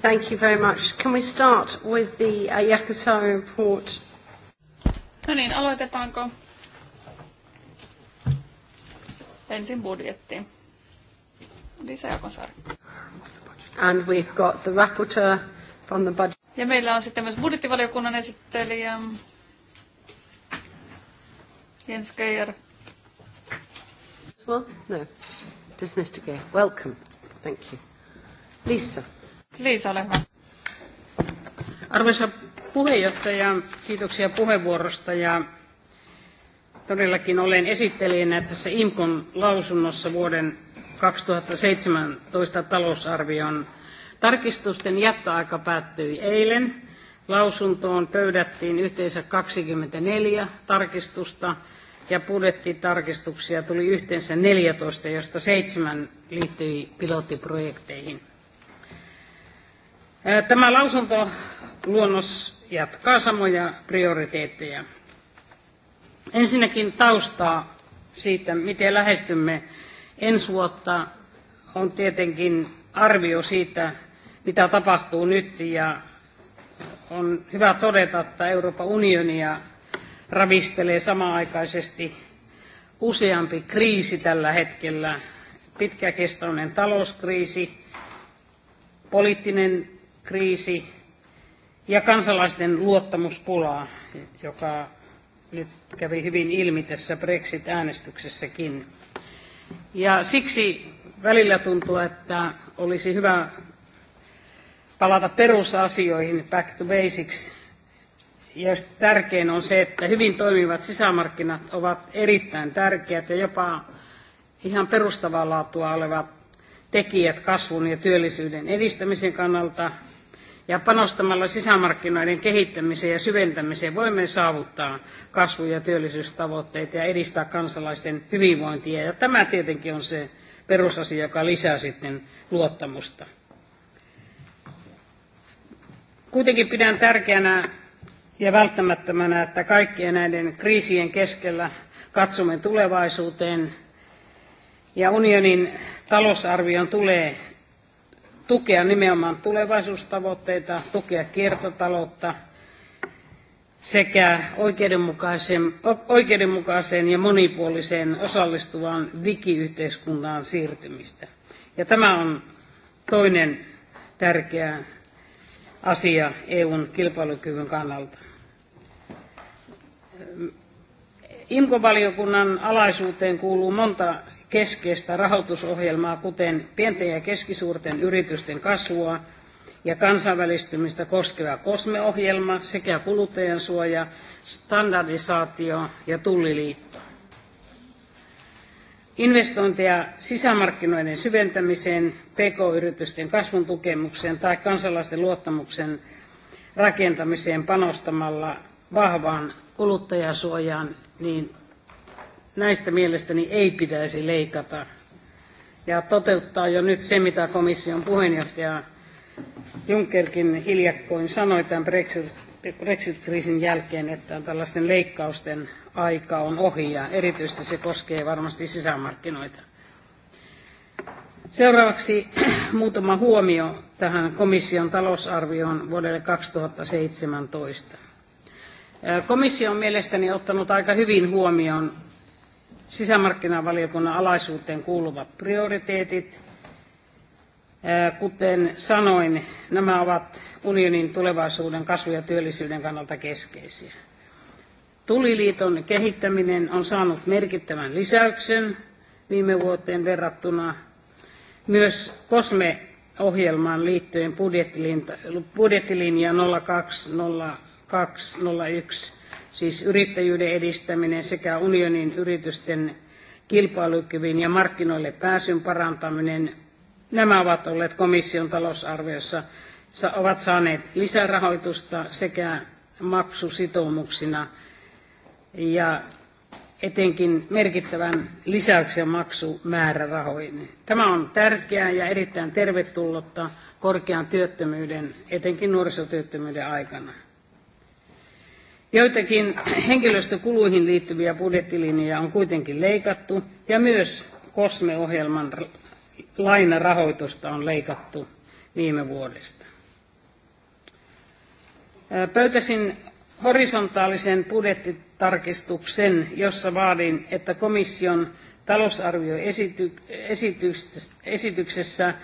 Thank you very much. Can we start with the uh, Yakasari report? No niin, aloitetaanko ensin budjetti. Lisa Jakonsaari. And we've got the rapporteur from the budget. Ja meillä on sitten myös budjettivaliokunnan esittelijä Jens Geijer. Well, no. Dismissed Mr. Welcome. Thank you. Lisa. Liisa, ole hyvä. Arvoisa puheenjohtaja, kiitoksia puheenvuorosta ja todellakin olen esittelijänä tässä IMKON lausunnossa vuoden 2017 talousarvion tarkistusten jättöaika päättyi eilen. Lausuntoon pöydättiin yhteensä 24 tarkistusta ja budjettitarkistuksia tuli yhteensä 14, josta seitsemän liittyi pilottiprojekteihin. Tämä lausuntoluonnos jatkaa samoja prioriteetteja. Ensinnäkin taustaa siitä, miten lähestymme ensi vuotta, on tietenkin arvio siitä, mitä tapahtuu nyt ja on hyvä todeta, että Euroopan unionia ravistelee samaaikaisesti useampi kriisi tällä hetkellä. Pitkäkestoinen talouskriisi, poliittinen kriisi ja kansalaisten luottamuspulaa, joka nyt kävi hyvin ilmi tässä Brexit-äänestyksessäkin. Ja siksi välillä tuntuu, että olisi hyvä palata perusasioihin, back to basics. Ja tärkein on se, että hyvin toimivat sisämarkkinat ovat erittäin tärkeät ja jopa ihan perustavaa laatua olevat tekijät kasvun ja työllisyyden edistämisen kannalta, ja panostamalla sisämarkkinoiden kehittämiseen ja syventämiseen voimme saavuttaa kasvu- ja työllisyystavoitteita ja edistää kansalaisten hyvinvointia. Ja tämä tietenkin on se perusasia, joka lisää sitten luottamusta. Kuitenkin pidän tärkeänä ja välttämättömänä, että kaikkien näiden kriisien keskellä katsomme tulevaisuuteen ja unionin talousarvion tulee tukea nimenomaan tulevaisuustavoitteita, tukea kiertotaloutta sekä oikeudenmukaiseen, oikeudenmukaiseen ja monipuoliseen osallistuvaan digiyhteiskuntaan siirtymistä. Ja tämä on toinen tärkeä asia EUn kilpailukyvyn kannalta. IMKO-valiokunnan alaisuuteen kuuluu monta keskeistä rahoitusohjelmaa, kuten pienten ja keskisuurten yritysten kasvua ja kansainvälistymistä koskeva kosmeohjelma sekä kuluttajansuoja, standardisaatio ja tulliliitto. Investointeja sisämarkkinoiden syventämiseen, pk-yritysten kasvun tukemukseen tai kansalaisten luottamuksen rakentamiseen panostamalla vahvaan kuluttajasuojaan, niin Näistä mielestäni ei pitäisi leikata ja toteuttaa jo nyt se, mitä komission puheenjohtaja Junckerkin hiljakkoin sanoi tämän Brexit-kriisin jälkeen, että tällaisten leikkausten aika on ohi ja erityisesti se koskee varmasti sisämarkkinoita. Seuraavaksi muutama huomio tähän komission talousarvioon vuodelle 2017. Komissio on mielestäni ottanut aika hyvin huomioon sisämarkkinavaliokunnan alaisuuteen kuuluvat prioriteetit. Kuten sanoin, nämä ovat unionin tulevaisuuden kasvu- ja työllisyyden kannalta keskeisiä. Tuliliiton kehittäminen on saanut merkittävän lisäyksen viime vuoteen verrattuna. Myös COSME-ohjelmaan liittyen budjettilinja 020201 siis yrittäjyyden edistäminen sekä unionin yritysten kilpailukyvyn ja markkinoille pääsyn parantaminen, nämä ovat olleet komission talousarviossa, ovat saaneet lisärahoitusta sekä maksusitoumuksina ja etenkin merkittävän lisäyksen maksumäärärahoihin. Tämä on tärkeää ja erittäin tervetullutta korkean työttömyyden, etenkin nuorisotyöttömyyden aikana. Joitakin henkilöstökuluihin liittyviä budjettilinjoja on kuitenkin leikattu ja myös COSME-ohjelman lainarahoitusta on leikattu viime vuodesta. Pöytäsin horisontaalisen budjettitarkistuksen, jossa vaadin, että komission talousarvioesityksessä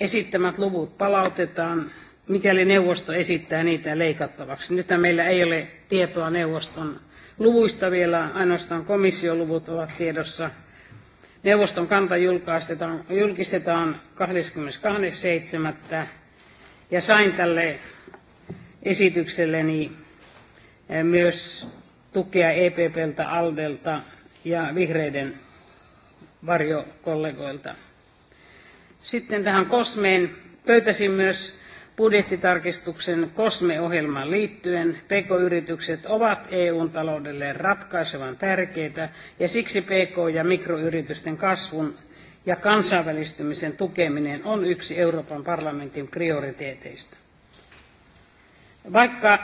esittämät luvut palautetaan mikäli neuvosto esittää niitä leikattavaksi. Nyt meillä ei ole tietoa neuvoston luvuista vielä, ainoastaan komission luvut ovat tiedossa. Neuvoston kanta julkistetaan, julkistetaan 22.7. ja sain tälle esitykselleni eh, myös tukea EPPltä, Aldelta ja vihreiden varjokollegoilta. Sitten tähän Kosmeen pöytäsin myös budjettitarkistuksen COSME-ohjelmaan liittyen PK-yritykset ovat EUn taloudelle ratkaisevan tärkeitä ja siksi PK- ja mikroyritysten kasvun ja kansainvälistymisen tukeminen on yksi Euroopan parlamentin prioriteeteista. Vaikka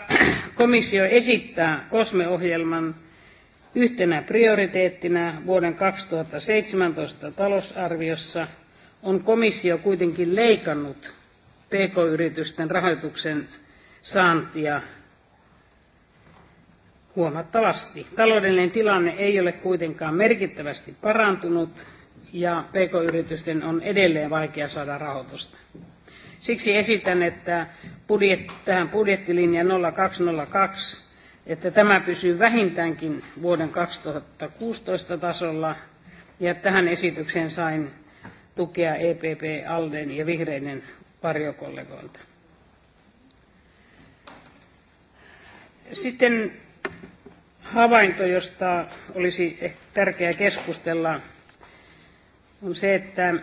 komissio esittää COSME-ohjelman yhtenä prioriteettina vuoden 2017 talousarviossa, on komissio kuitenkin leikannut pk-yritysten rahoituksen saantia huomattavasti. Taloudellinen tilanne ei ole kuitenkaan merkittävästi parantunut ja pk-yritysten on edelleen vaikea saada rahoitusta. Siksi esitän, että budjet, tähän budjettilinja 0202, että tämä pysyy vähintäänkin vuoden 2016 tasolla ja tähän esitykseen sain tukea EPP, Alden ja Vihreiden varjokollegoilta. Sitten havainto, josta olisi tärkeää keskustella, on se, että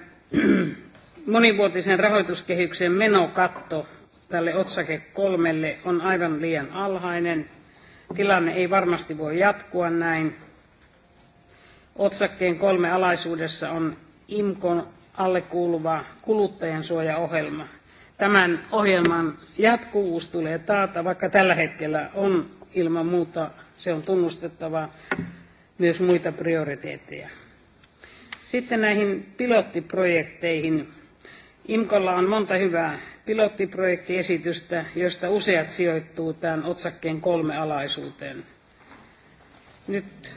monivuotisen rahoituskehyksen menokatto tälle otsake kolmelle on aivan liian alhainen. Tilanne ei varmasti voi jatkua näin. Otsakkeen kolme alaisuudessa on IMKON alle kuuluva kuluttajansuojaohjelma. Tämän ohjelman jatkuvuus tulee taata, vaikka tällä hetkellä on ilman muuta, se on tunnustettava myös muita prioriteetteja. Sitten näihin pilottiprojekteihin. IMKOlla on monta hyvää pilottiprojektiesitystä, joista useat sijoittuu tämän otsakkeen kolme alaisuuteen. Nyt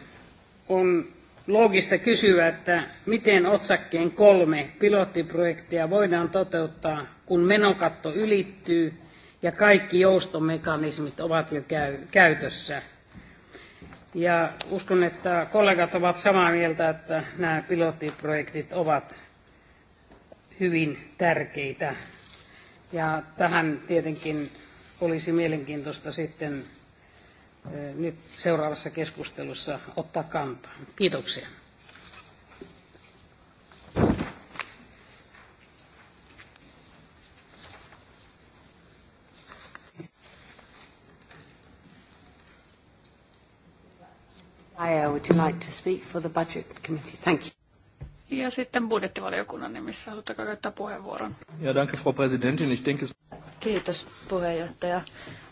on loogista kysyä, että miten otsakkeen kolme pilottiprojektia voidaan toteuttaa, kun menokatto ylittyy ja kaikki joustomekanismit ovat jo käy, käytössä. Ja uskon, että kollegat ovat samaa mieltä, että nämä pilottiprojektit ovat hyvin tärkeitä. Ja tähän tietenkin olisi mielenkiintoista sitten Eh, nyt seuraavassa keskustelussa ottaa kantaa. Kiitoksia. Aya, would you like to speak for the budget committee? Thank you. Ja sitten budjettivaliokunnan nimissä, haluatteko käyttää puheenvuoron? Ja danke, Frau Präsidentin. Ich denke... Kiitos, puheenjohtaja.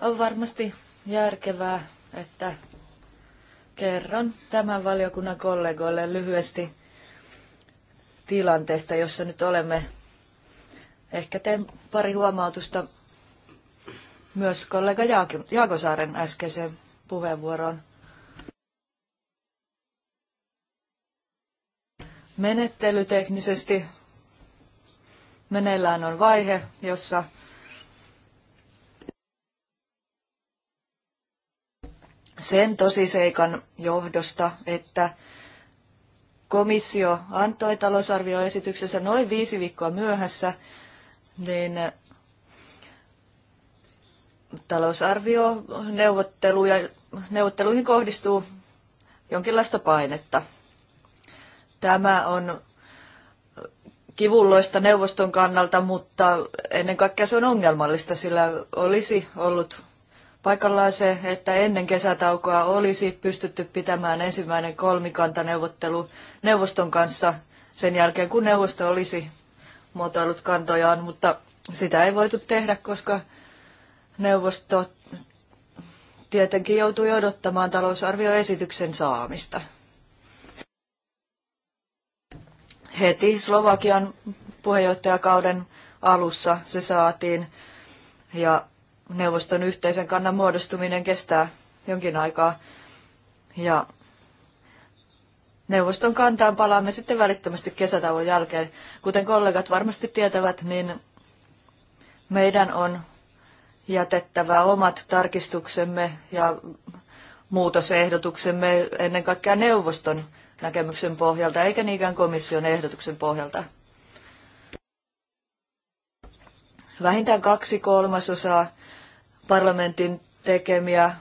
On varmasti järkevää että kerron tämän valiokunnan kollegoille lyhyesti tilanteesta, jossa nyt olemme. Ehkä teen pari huomautusta myös kollega Jaakosaaren äskeiseen puheenvuoroon. Menettelyteknisesti meneillään on vaihe, jossa sen tosiseikan johdosta, että komissio antoi talousarvioesityksessä noin viisi viikkoa myöhässä, niin talousarvioneuvotteluja, neuvotteluihin kohdistuu jonkinlaista painetta. Tämä on kivulloista neuvoston kannalta, mutta ennen kaikkea se on ongelmallista, sillä olisi ollut paikallaan se, että ennen kesätaukoa olisi pystytty pitämään ensimmäinen kolmikantaneuvottelu neuvoston kanssa sen jälkeen, kun neuvosto olisi muotoillut kantojaan, mutta sitä ei voitu tehdä, koska neuvosto tietenkin joutui odottamaan talousarvioesityksen saamista. Heti Slovakian puheenjohtajakauden alussa se saatiin ja neuvoston yhteisen kannan muodostuminen kestää jonkin aikaa. Ja neuvoston kantaan palaamme sitten välittömästi kesätauon jälkeen. Kuten kollegat varmasti tietävät, niin meidän on jätettävä omat tarkistuksemme ja muutosehdotuksemme ennen kaikkea neuvoston näkemyksen pohjalta, eikä niinkään komission ehdotuksen pohjalta. Vähintään kaksi kolmasosaa parlamentin tekemiä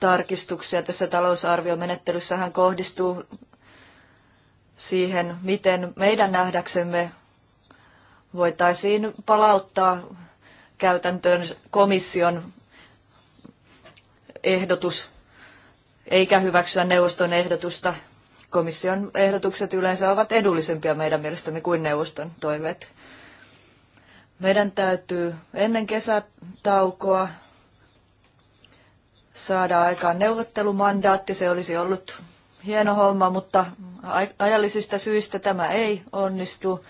tarkistuksia tässä talousarviomenettelyssähän kohdistuu siihen, miten meidän nähdäksemme voitaisiin palauttaa käytäntöön komission ehdotus, eikä hyväksyä neuvoston ehdotusta. Komission ehdotukset yleensä ovat edullisempia meidän mielestämme kuin neuvoston toiveet. Meidän täytyy ennen kesätaukoa saada aikaan neuvottelumandaatti. Se olisi ollut hieno homma, mutta ajallisista syistä tämä ei onnistu.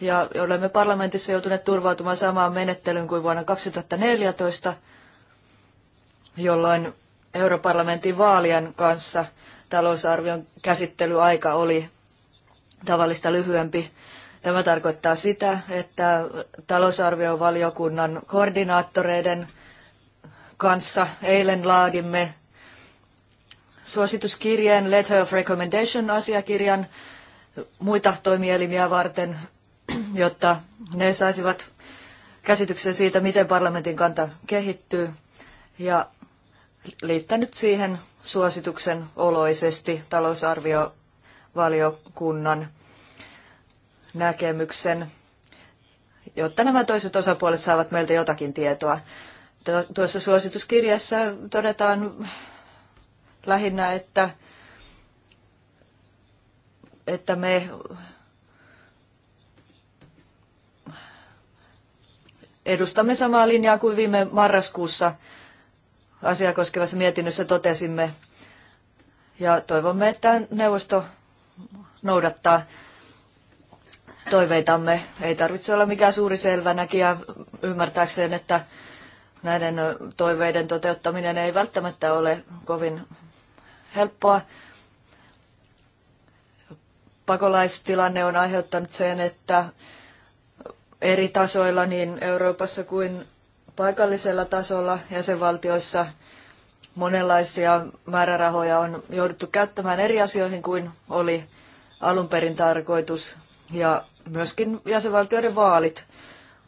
Ja olemme parlamentissa joutuneet turvautumaan samaan menettelyyn kuin vuonna 2014, jolloin europarlamentin vaalien kanssa talousarvion käsittelyaika oli tavallista lyhyempi. Tämä tarkoittaa sitä, että talousarviovaliokunnan koordinaattoreiden kanssa eilen laadimme suosituskirjeen Letter of Recommendation asiakirjan muita toimielimiä varten, jotta ne saisivat käsityksen siitä, miten parlamentin kanta kehittyy. Ja liittänyt siihen suosituksen oloisesti talousarviovaliokunnan näkemyksen, jotta nämä toiset osapuolet saavat meiltä jotakin tietoa. Tuossa suosituskirjassa todetaan lähinnä, että, että me edustamme samaa linjaa kuin viime marraskuussa asiaa koskevassa mietinnössä totesimme. Ja toivomme, että neuvosto noudattaa toiveitamme. Ei tarvitse olla mikään suuri selvänäkijä ymmärtääkseen, että näiden toiveiden toteuttaminen ei välttämättä ole kovin helppoa. Pakolaistilanne on aiheuttanut sen, että eri tasoilla niin Euroopassa kuin paikallisella tasolla jäsenvaltioissa monenlaisia määrärahoja on jouduttu käyttämään eri asioihin kuin oli alun perin tarkoitus. Ja myöskin jäsenvaltioiden vaalit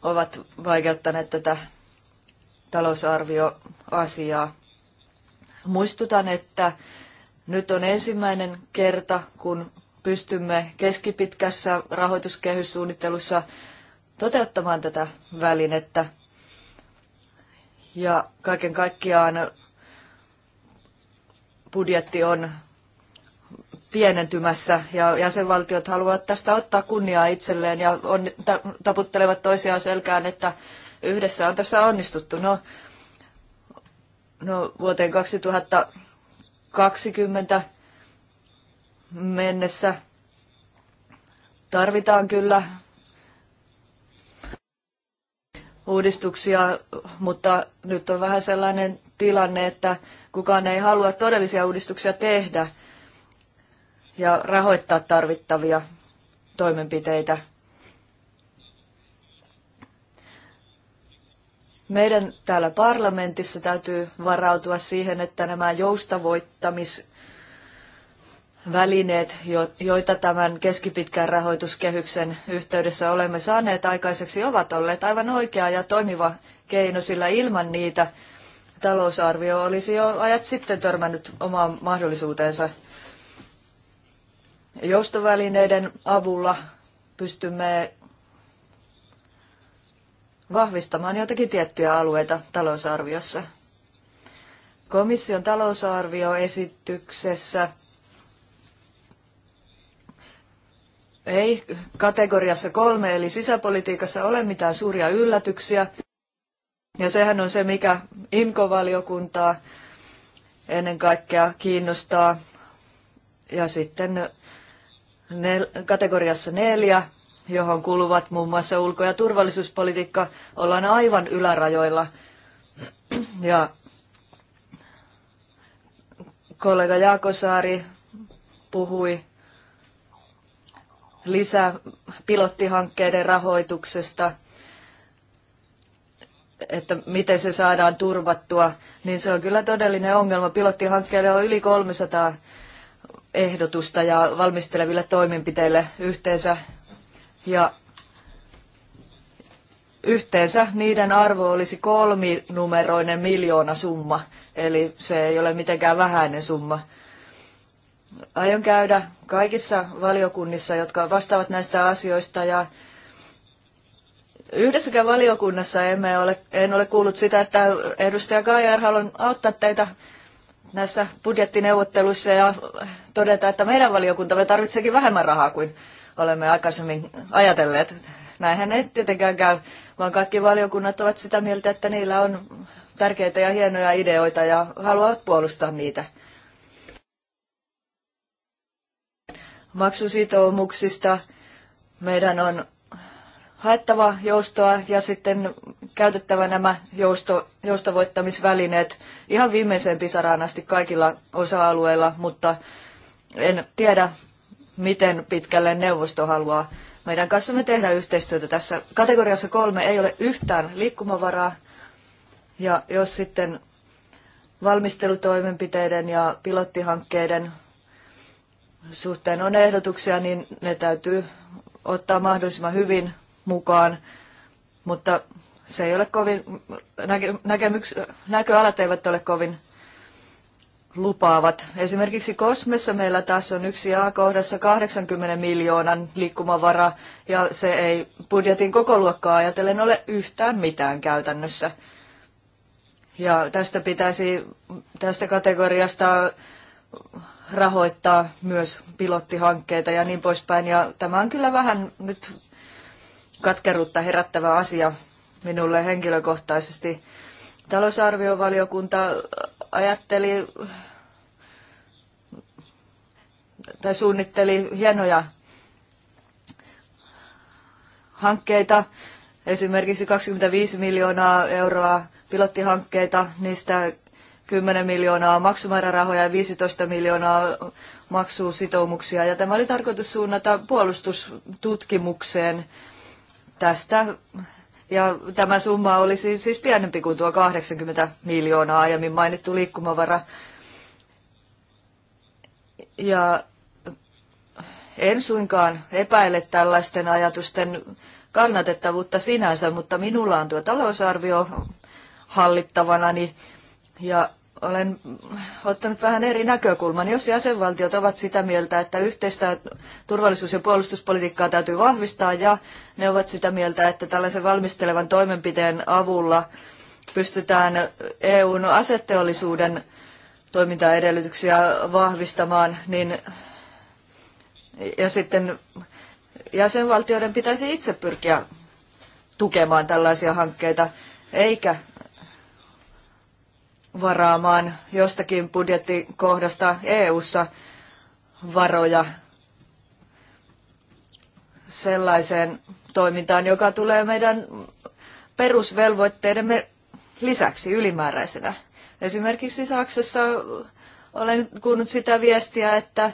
ovat vaikeuttaneet tätä talousarvioasiaa. Muistutan, että nyt on ensimmäinen kerta, kun pystymme keskipitkässä rahoituskehyssuunnittelussa toteuttamaan tätä välinettä. Ja kaiken kaikkiaan budjetti on pienentymässä ja jäsenvaltiot haluavat tästä ottaa kunniaa itselleen ja on, taputtelevat toisiaan selkään, että yhdessä on tässä onnistuttu. No, no vuoteen 2020 mennessä tarvitaan kyllä uudistuksia, mutta nyt on vähän sellainen tilanne, että kukaan ei halua todellisia uudistuksia tehdä ja rahoittaa tarvittavia toimenpiteitä. Meidän täällä parlamentissa täytyy varautua siihen, että nämä joustavoittamisvälineet, joita tämän keskipitkän rahoituskehyksen yhteydessä olemme saaneet aikaiseksi, ovat olleet aivan oikea ja toimiva keino, sillä ilman niitä talousarvio olisi jo ajat sitten törmännyt omaan mahdollisuuteensa. Joustovälineiden avulla pystymme vahvistamaan jotakin tiettyjä alueita talousarviossa. Komission talousarvioesityksessä ei kategoriassa kolme eli sisäpolitiikassa ole mitään suuria yllätyksiä. Ja sehän on se, mikä IMKO-valiokuntaa ennen kaikkea kiinnostaa. Ja sitten kategoriassa neljä johon kuuluvat muun muassa ulko- ja turvallisuuspolitiikka, ollaan aivan ylärajoilla. Ja kollega Jaakosaari puhui lisää pilottihankkeiden rahoituksesta, että miten se saadaan turvattua, niin se on kyllä todellinen ongelma. Pilottihankkeelle on yli 300 ehdotusta ja valmisteleville toimenpiteille yhteensä ja yhteensä niiden arvo olisi kolminumeroinen miljoona summa, eli se ei ole mitenkään vähäinen summa. Aion käydä kaikissa valiokunnissa, jotka vastaavat näistä asioista ja Yhdessäkään valiokunnassa emme ole, en ole kuullut sitä, että edustaja Kajar haluan auttaa teitä näissä budjettineuvotteluissa ja todeta, että meidän valiokuntamme tarvitseekin vähemmän rahaa kuin olemme aikaisemmin ajatelleet. Näinhän ei tietenkään käy, vaan kaikki valiokunnat ovat sitä mieltä, että niillä on tärkeitä ja hienoja ideoita ja haluavat puolustaa niitä. Maksusitoumuksista meidän on haettava joustoa ja sitten käytettävä nämä jousto, joustavoittamisvälineet ihan viimeiseen pisaraan asti kaikilla osa-alueilla, mutta en tiedä, miten pitkälle neuvosto haluaa meidän kanssamme tehdä yhteistyötä. Tässä kategoriassa kolme ei ole yhtään liikkumavaraa. Ja jos sitten valmistelutoimenpiteiden ja pilottihankkeiden suhteen on ehdotuksia, niin ne täytyy ottaa mahdollisimman hyvin mukaan. Mutta se ei ole kovin, näkö näkemyks, näköalat eivät ole kovin lupaavat. Esimerkiksi Kosmessa meillä tässä on yksi A-kohdassa 80 miljoonan liikkumavara, ja se ei budjetin koko luokkaa ajatellen ole yhtään mitään käytännössä. Ja tästä pitäisi, tästä kategoriasta rahoittaa myös pilottihankkeita ja niin poispäin. Ja tämä on kyllä vähän nyt katkeruutta herättävä asia minulle henkilökohtaisesti. Talousarviovaliokunta ajatteli tai suunnitteli hienoja hankkeita, esimerkiksi 25 miljoonaa euroa pilottihankkeita, niistä 10 miljoonaa maksumäärärahoja ja 15 miljoonaa maksusitoumuksia. Ja tämä oli tarkoitus suunnata puolustustutkimukseen. Tästä ja tämä summa olisi siis pienempi kuin tuo 80 miljoonaa aiemmin mainittu liikkumavara. Ja en suinkaan epäile tällaisten ajatusten kannatettavuutta sinänsä, mutta minulla on tuo talousarvio hallittavana, niin- ja olen ottanut vähän eri näkökulman. Jos jäsenvaltiot ovat sitä mieltä, että yhteistä turvallisuus- ja puolustuspolitiikkaa täytyy vahvistaa ja ne ovat sitä mieltä, että tällaisen valmistelevan toimenpiteen avulla pystytään EUn asetteollisuuden toimintaedellytyksiä vahvistamaan, niin ja sitten jäsenvaltioiden pitäisi itse pyrkiä tukemaan tällaisia hankkeita, eikä varaamaan jostakin budjettikohdasta EU-ssa varoja sellaiseen toimintaan, joka tulee meidän perusvelvoitteidemme lisäksi ylimääräisenä. Esimerkiksi Saksassa olen kuullut sitä viestiä, että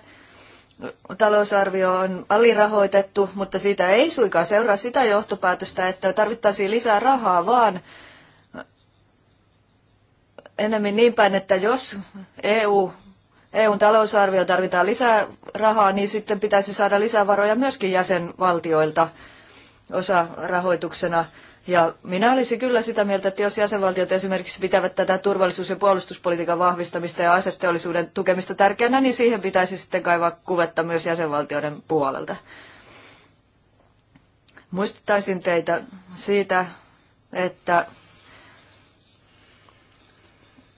talousarvio on alirahoitettu, mutta siitä ei suinkaan seuraa sitä johtopäätöstä, että tarvittaisiin lisää rahaa, vaan enemmän niin päin, että jos EU, EUn talousarvio tarvitaan lisää rahaa, niin sitten pitäisi saada lisää varoja myöskin jäsenvaltioilta osa rahoituksena. Ja minä olisin kyllä sitä mieltä, että jos jäsenvaltiot esimerkiksi pitävät tätä turvallisuus- ja puolustuspolitiikan vahvistamista ja aseteollisuuden tukemista tärkeänä, niin siihen pitäisi sitten kaivaa kuvetta myös jäsenvaltioiden puolelta. Muistuttaisin teitä siitä, että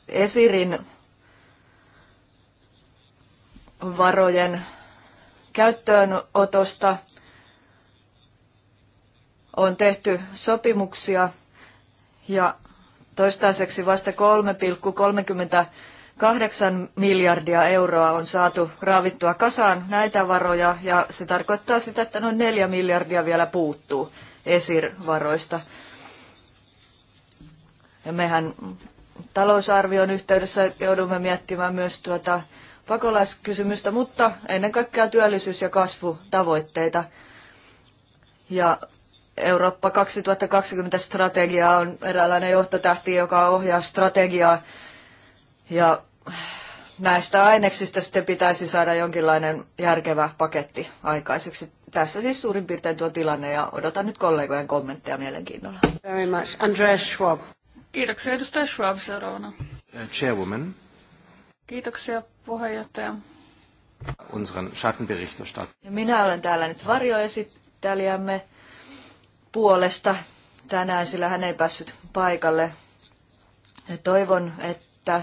Esirin varojen käyttöönotosta on tehty sopimuksia ja toistaiseksi vasta 3,38 miljardia euroa on saatu raavittua kasaan näitä varoja ja se tarkoittaa sitä, että noin 4 miljardia vielä puuttuu esirvaroista. Ja mehän talousarvion yhteydessä joudumme miettimään myös tuota pakolaiskysymystä, mutta ennen kaikkea työllisyys- ja kasvutavoitteita. Ja Eurooppa 2020-strategia on eräänlainen johtotähti, joka ohjaa strategiaa. Ja näistä aineksista sitten pitäisi saada jonkinlainen järkevä paketti aikaiseksi. Tässä siis suurin piirtein tuo tilanne ja odotan nyt kollegojen kommentteja mielenkiinnolla. Very much. Andreas Schwab. Kiitoksia edustaja Schwab seuraavana. Äh, Chairwoman. Kiitoksia puheenjohtaja. Unseren Schattenberichterstatter. Minä olen täällä nyt varjoesittelijämme puolesta tänään, sillä hän ei päässyt paikalle. Toivon, että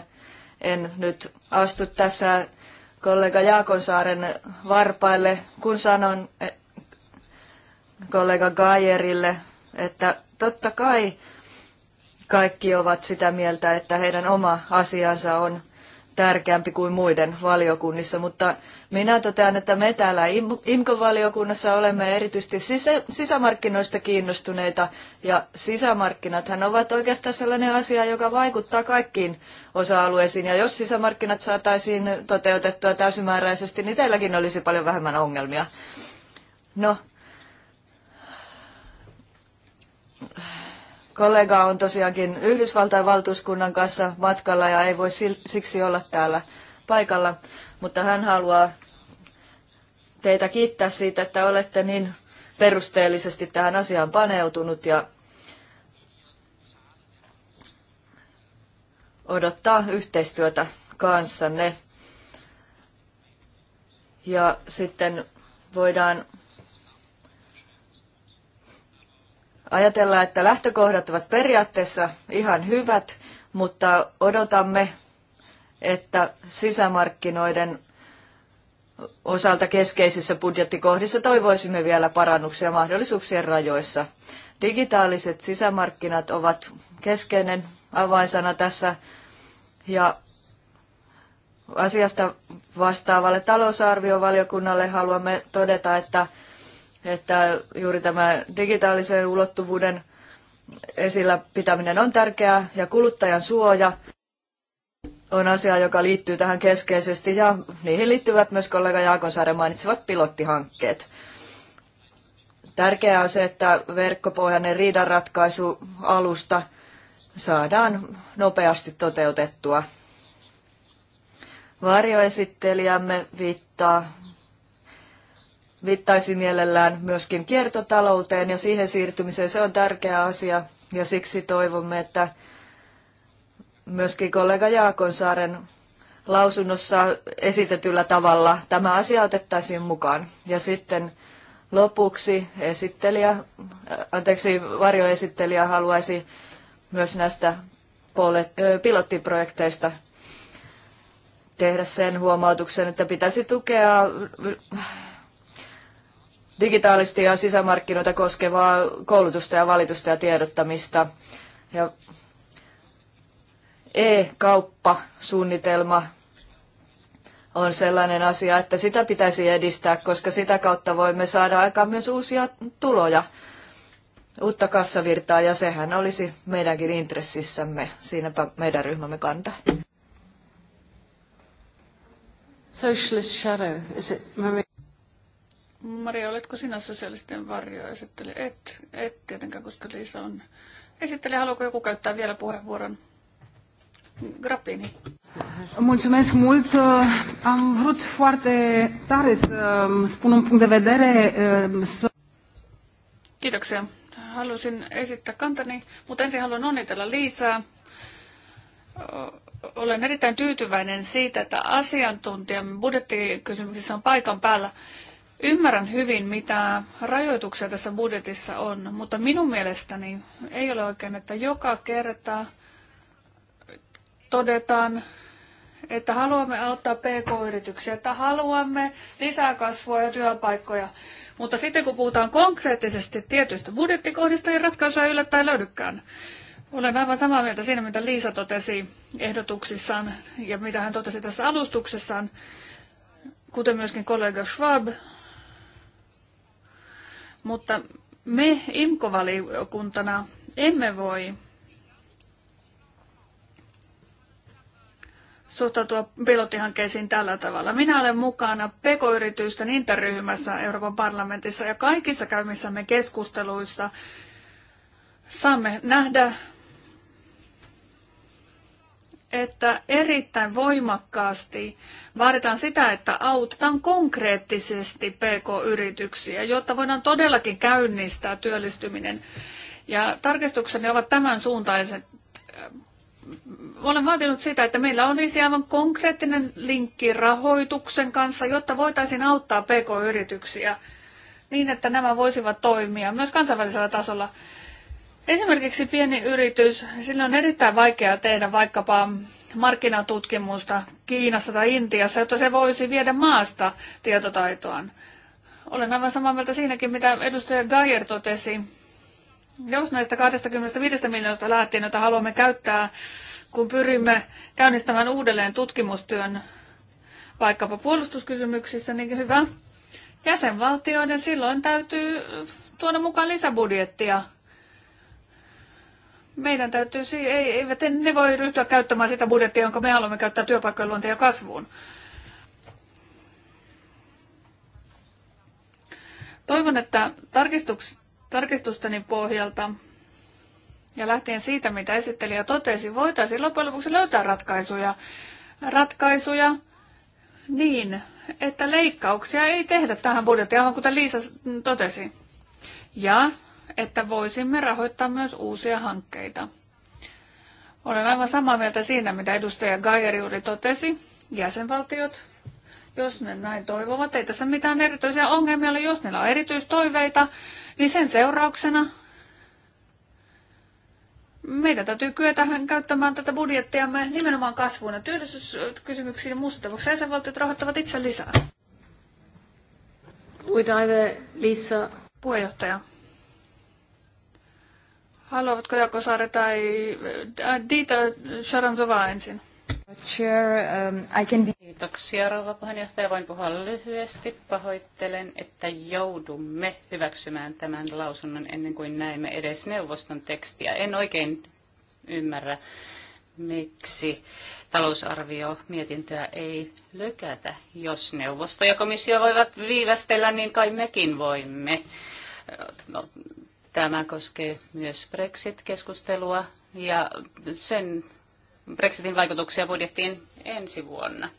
en nyt astu tässä kollega Jaakonsaaren varpaille, kun sanon eh, kollega Gajerille, että totta kai kaikki ovat sitä mieltä, että heidän oma asiansa on tärkeämpi kuin muiden valiokunnissa, mutta minä totean, että me täällä IMCO-valiokunnassa olemme erityisesti sisä, sisämarkkinoista kiinnostuneita, ja sisämarkkinathan ovat oikeastaan sellainen asia, joka vaikuttaa kaikkiin osa-alueisiin, ja jos sisämarkkinat saataisiin toteutettua täysimääräisesti, niin teilläkin olisi paljon vähemmän ongelmia. No, Kollega on tosiaankin Yhdysvaltain valtuuskunnan kanssa matkalla ja ei voi siksi olla täällä paikalla, mutta hän haluaa teitä kiittää siitä, että olette niin perusteellisesti tähän asiaan paneutunut ja odottaa yhteistyötä kanssanne. Ja sitten voidaan ajatellaan, että lähtökohdat ovat periaatteessa ihan hyvät, mutta odotamme, että sisämarkkinoiden osalta keskeisissä budjettikohdissa toivoisimme vielä parannuksia mahdollisuuksien rajoissa. Digitaaliset sisämarkkinat ovat keskeinen avainsana tässä ja asiasta vastaavalle talousarviovaliokunnalle haluamme todeta, että että juuri tämä digitaalisen ulottuvuuden esillä pitäminen on tärkeää ja kuluttajan suoja on asia, joka liittyy tähän keskeisesti ja niihin liittyvät myös kollega Jaakonsaaren mainitsevat pilottihankkeet. Tärkeää on se, että verkkopohjainen riidanratkaisualusta saadaan nopeasti toteutettua. Varjoesittelijämme viittaa viittaisi mielellään myöskin kiertotalouteen ja siihen siirtymiseen. Se on tärkeä asia ja siksi toivomme, että myöskin kollega Jaakonsaaren lausunnossa esitetyllä tavalla tämä asia otettaisiin mukaan. Ja sitten lopuksi esittelijä, äh, anteeksi, varjoesittelijä haluaisi myös näistä pilottiprojekteista tehdä sen huomautuksen, että pitäisi tukea digitaalista ja sisämarkkinoita koskevaa koulutusta ja valitusta ja tiedottamista. Ja e-kauppasuunnitelma on sellainen asia, että sitä pitäisi edistää, koska sitä kautta voimme saada aikaan myös uusia tuloja, uutta kassavirtaa, ja sehän olisi meidänkin intressissämme. Siinäpä meidän ryhmämme kanta. Socialist shadow, is it Marie? Maria, oletko sinä sosiaalisten Esitteli, Et, et tietenkään, koska Liisa on Esitteli haluatko joku käyttää vielä puheenvuoron? Grappini. Mulțumesc mult. Am vrut foarte tare să spun un punct de vedere. Kiitoksia. Halusin esittää kantani, mutta ensin haluan onnitella Liisaa. Olen erittäin tyytyväinen siitä, että asiantuntijamme budjettikysymyksissä on paikan päällä Ymmärrän hyvin, mitä rajoituksia tässä budjetissa on, mutta minun mielestäni ei ole oikein, että joka kerta todetaan, että haluamme auttaa pk-yrityksiä, että haluamme lisää kasvua ja työpaikkoja. Mutta sitten kun puhutaan konkreettisesti tietyistä budjettikohdista, niin ratkaisuja ei yllättäen löydykään. Olen aivan samaa mieltä siinä, mitä Liisa totesi ehdotuksissaan ja mitä hän totesi tässä alustuksessaan, kuten myöskin kollega Schwab mutta me imkovaliokuntana emme voi suhtautua pilottihankkeisiin tällä tavalla. Minä olen mukana PK-yritysten interryhmässä Euroopan parlamentissa ja kaikissa käymissämme keskusteluissa saamme nähdä, että erittäin voimakkaasti vaaditaan sitä, että autetaan konkreettisesti PK-yrityksiä, jotta voidaan todellakin käynnistää työllistyminen. Ja tarkistukseni ovat tämän suuntaiset. Äh, olen vaatinut sitä, että meillä olisi aivan konkreettinen linkki rahoituksen kanssa, jotta voitaisiin auttaa PK-yrityksiä niin, että nämä voisivat toimia myös kansainvälisellä tasolla. Esimerkiksi pieni yritys, sillä on erittäin vaikeaa tehdä vaikkapa markkinatutkimusta Kiinassa tai Intiassa, jotta se voisi viedä maasta tietotaitoaan. Olen aivan samaa mieltä siinäkin, mitä edustaja Geyer totesi. Jos näistä 25 miljoonasta lähtien, jota haluamme käyttää, kun pyrimme käynnistämään uudelleen tutkimustyön vaikkapa puolustuskysymyksissä, niin hyvä. Jäsenvaltioiden silloin täytyy tuoda mukaan lisäbudjettia meidän täytyy, ei, eivät ne voi ryhtyä käyttämään sitä budjettia, jonka me haluamme käyttää työpaikkojen luonteen ja kasvuun. Toivon, että tarkistusteni pohjalta ja lähtien siitä, mitä esittelijä totesi, voitaisiin loppujen lopuksi löytää ratkaisuja, ratkaisuja niin, että leikkauksia ei tehdä tähän budjettiin, aivan kuten Liisa totesi. Ja että voisimme rahoittaa myös uusia hankkeita. Olen aivan samaa mieltä siinä, mitä edustaja Geier juuri totesi. Jäsenvaltiot, jos ne näin toivovat, ei tässä mitään erityisiä ongelmia ole. Jos niillä on erityistoiveita, niin sen seurauksena meidän täytyy kyetä käyttämään tätä budjettiamme nimenomaan kasvuun ja työllisyyskysymyksiin ja muusta tapauksessa jäsenvaltiot rahoittavat itse lisää. Would either Lisa... Puheenjohtaja. Haluavatko Jakosaari tai äh, Diita Sharanzova ensin? Chair, um, I can... Kiitoksia rouva puheenjohtaja. Voin puhua lyhyesti. Pahoittelen, että joudumme hyväksymään tämän lausunnon ennen kuin näemme edes neuvoston tekstiä. En oikein ymmärrä, miksi talousarvio mietintöä ei lykätä. Jos neuvosto ja komissio voivat viivästellä, niin kai mekin voimme no, Tämä koskee myös Brexit-keskustelua ja sen Brexitin vaikutuksia budjettiin ensi vuonna.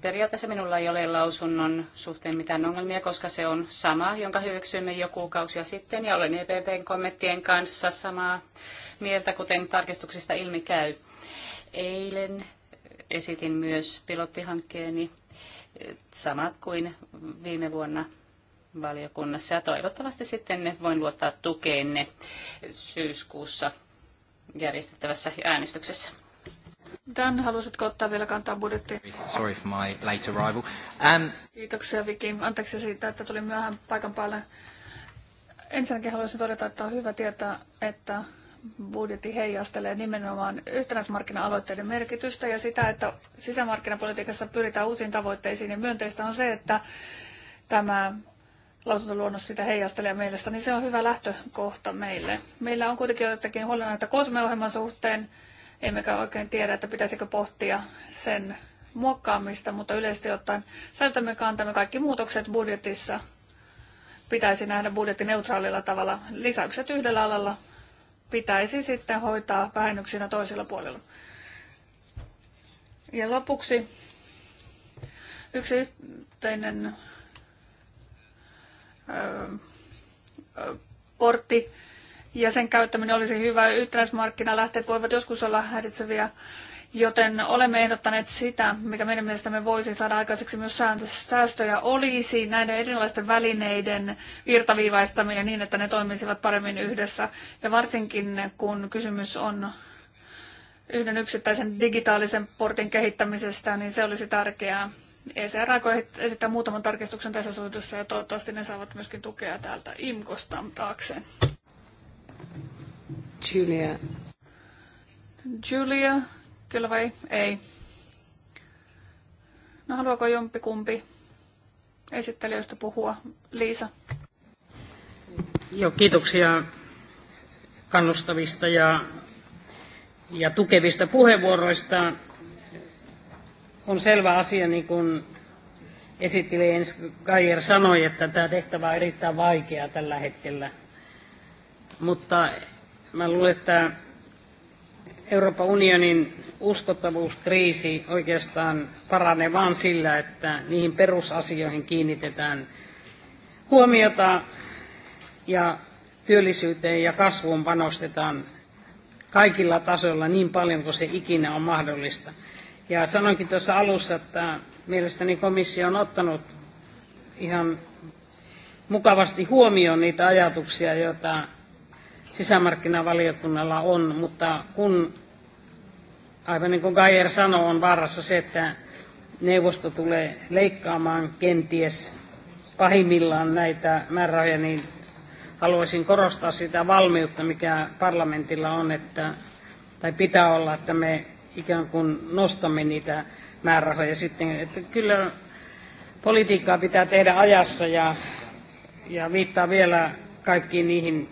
Periaatteessa minulla ei ole lausunnon suhteen mitään ongelmia, koska se on sama, jonka hyväksyimme jo kuukausia sitten, ja olen EPPn kommenttien kanssa samaa mieltä, kuten tarkistuksista ilmi käy. Eilen esitin myös pilottihankkeeni samat kuin viime vuonna valiokunnassa ja toivottavasti sitten ne voin luottaa tukeenne syyskuussa järjestettävässä äänestyksessä. Dan, halusitko ottaa vielä kantaa budjettiin? Sorry for my late arrival. Um... Kiitoksia Viki. Anteeksi siitä, että tulin myöhään paikan päälle. Ensinnäkin haluaisin todeta, että on hyvä tietää, että budjetti heijastelee nimenomaan yhtenäismarkkina-aloitteiden merkitystä ja sitä, että sisämarkkinapolitiikassa pyritään uusiin tavoitteisiin. Ja myönteistä on se, että tämä lausuntoluonnos sitä heijastelee mielestä, niin se on hyvä lähtökohta meille. Meillä on kuitenkin jotenkin huolenaita Kosme-ohjelman suhteen, emmekä oikein tiedä, että pitäisikö pohtia sen muokkaamista, mutta yleisesti ottaen säilytämme kantamme kaikki muutokset budjetissa. Pitäisi nähdä budjetti neutraalilla tavalla. Lisäykset yhdellä alalla pitäisi sitten hoitaa vähennyksinä toisella puolella. Ja lopuksi yksi yhteinen portti ja sen käyttäminen olisi hyvä. Yhtenäismarkkinalähteet voivat joskus olla häiritseviä, joten olemme ehdottaneet sitä, mikä meidän mielestämme voisi saada aikaiseksi myös säästöjä, olisi näiden erilaisten välineiden virtaviivaistaminen niin, että ne toimisivat paremmin yhdessä. Ja varsinkin kun kysymys on yhden yksittäisen digitaalisen portin kehittämisestä, niin se olisi tärkeää. ECR aikoo esittää muutaman tarkistuksen tässä suhteessa ja toivottavasti ne saavat myöskin tukea täältä IMKOsta taakseen. Julia. Julia, kyllä vai ei? No haluaako jompikumpi esittelijöistä puhua? Liisa. Joo, kiitoksia kannustavista ja, ja tukevista puheenvuoroista on selvä asia, niin kuin esitteli ensi Kajer sanoi, että tämä tehtävä on erittäin vaikea tällä hetkellä. Mutta mä luulen, että Euroopan unionin uskottavuuskriisi oikeastaan paranee vain sillä, että niihin perusasioihin kiinnitetään huomiota ja työllisyyteen ja kasvuun panostetaan kaikilla tasoilla niin paljon kuin se ikinä on mahdollista. Ja sanoinkin tuossa alussa, että mielestäni komissio on ottanut ihan mukavasti huomioon niitä ajatuksia, joita sisämarkkinavaliokunnalla on, mutta kun, aivan niin kuin Gajer sanoi, on vaarassa se, että neuvosto tulee leikkaamaan kenties pahimmillaan näitä määrärahoja, niin haluaisin korostaa sitä valmiutta, mikä parlamentilla on, että, tai pitää olla, että me ikään kuin nostamme niitä määrärahoja sitten. Että kyllä politiikkaa pitää tehdä ajassa ja, ja viittaa vielä kaikkiin niihin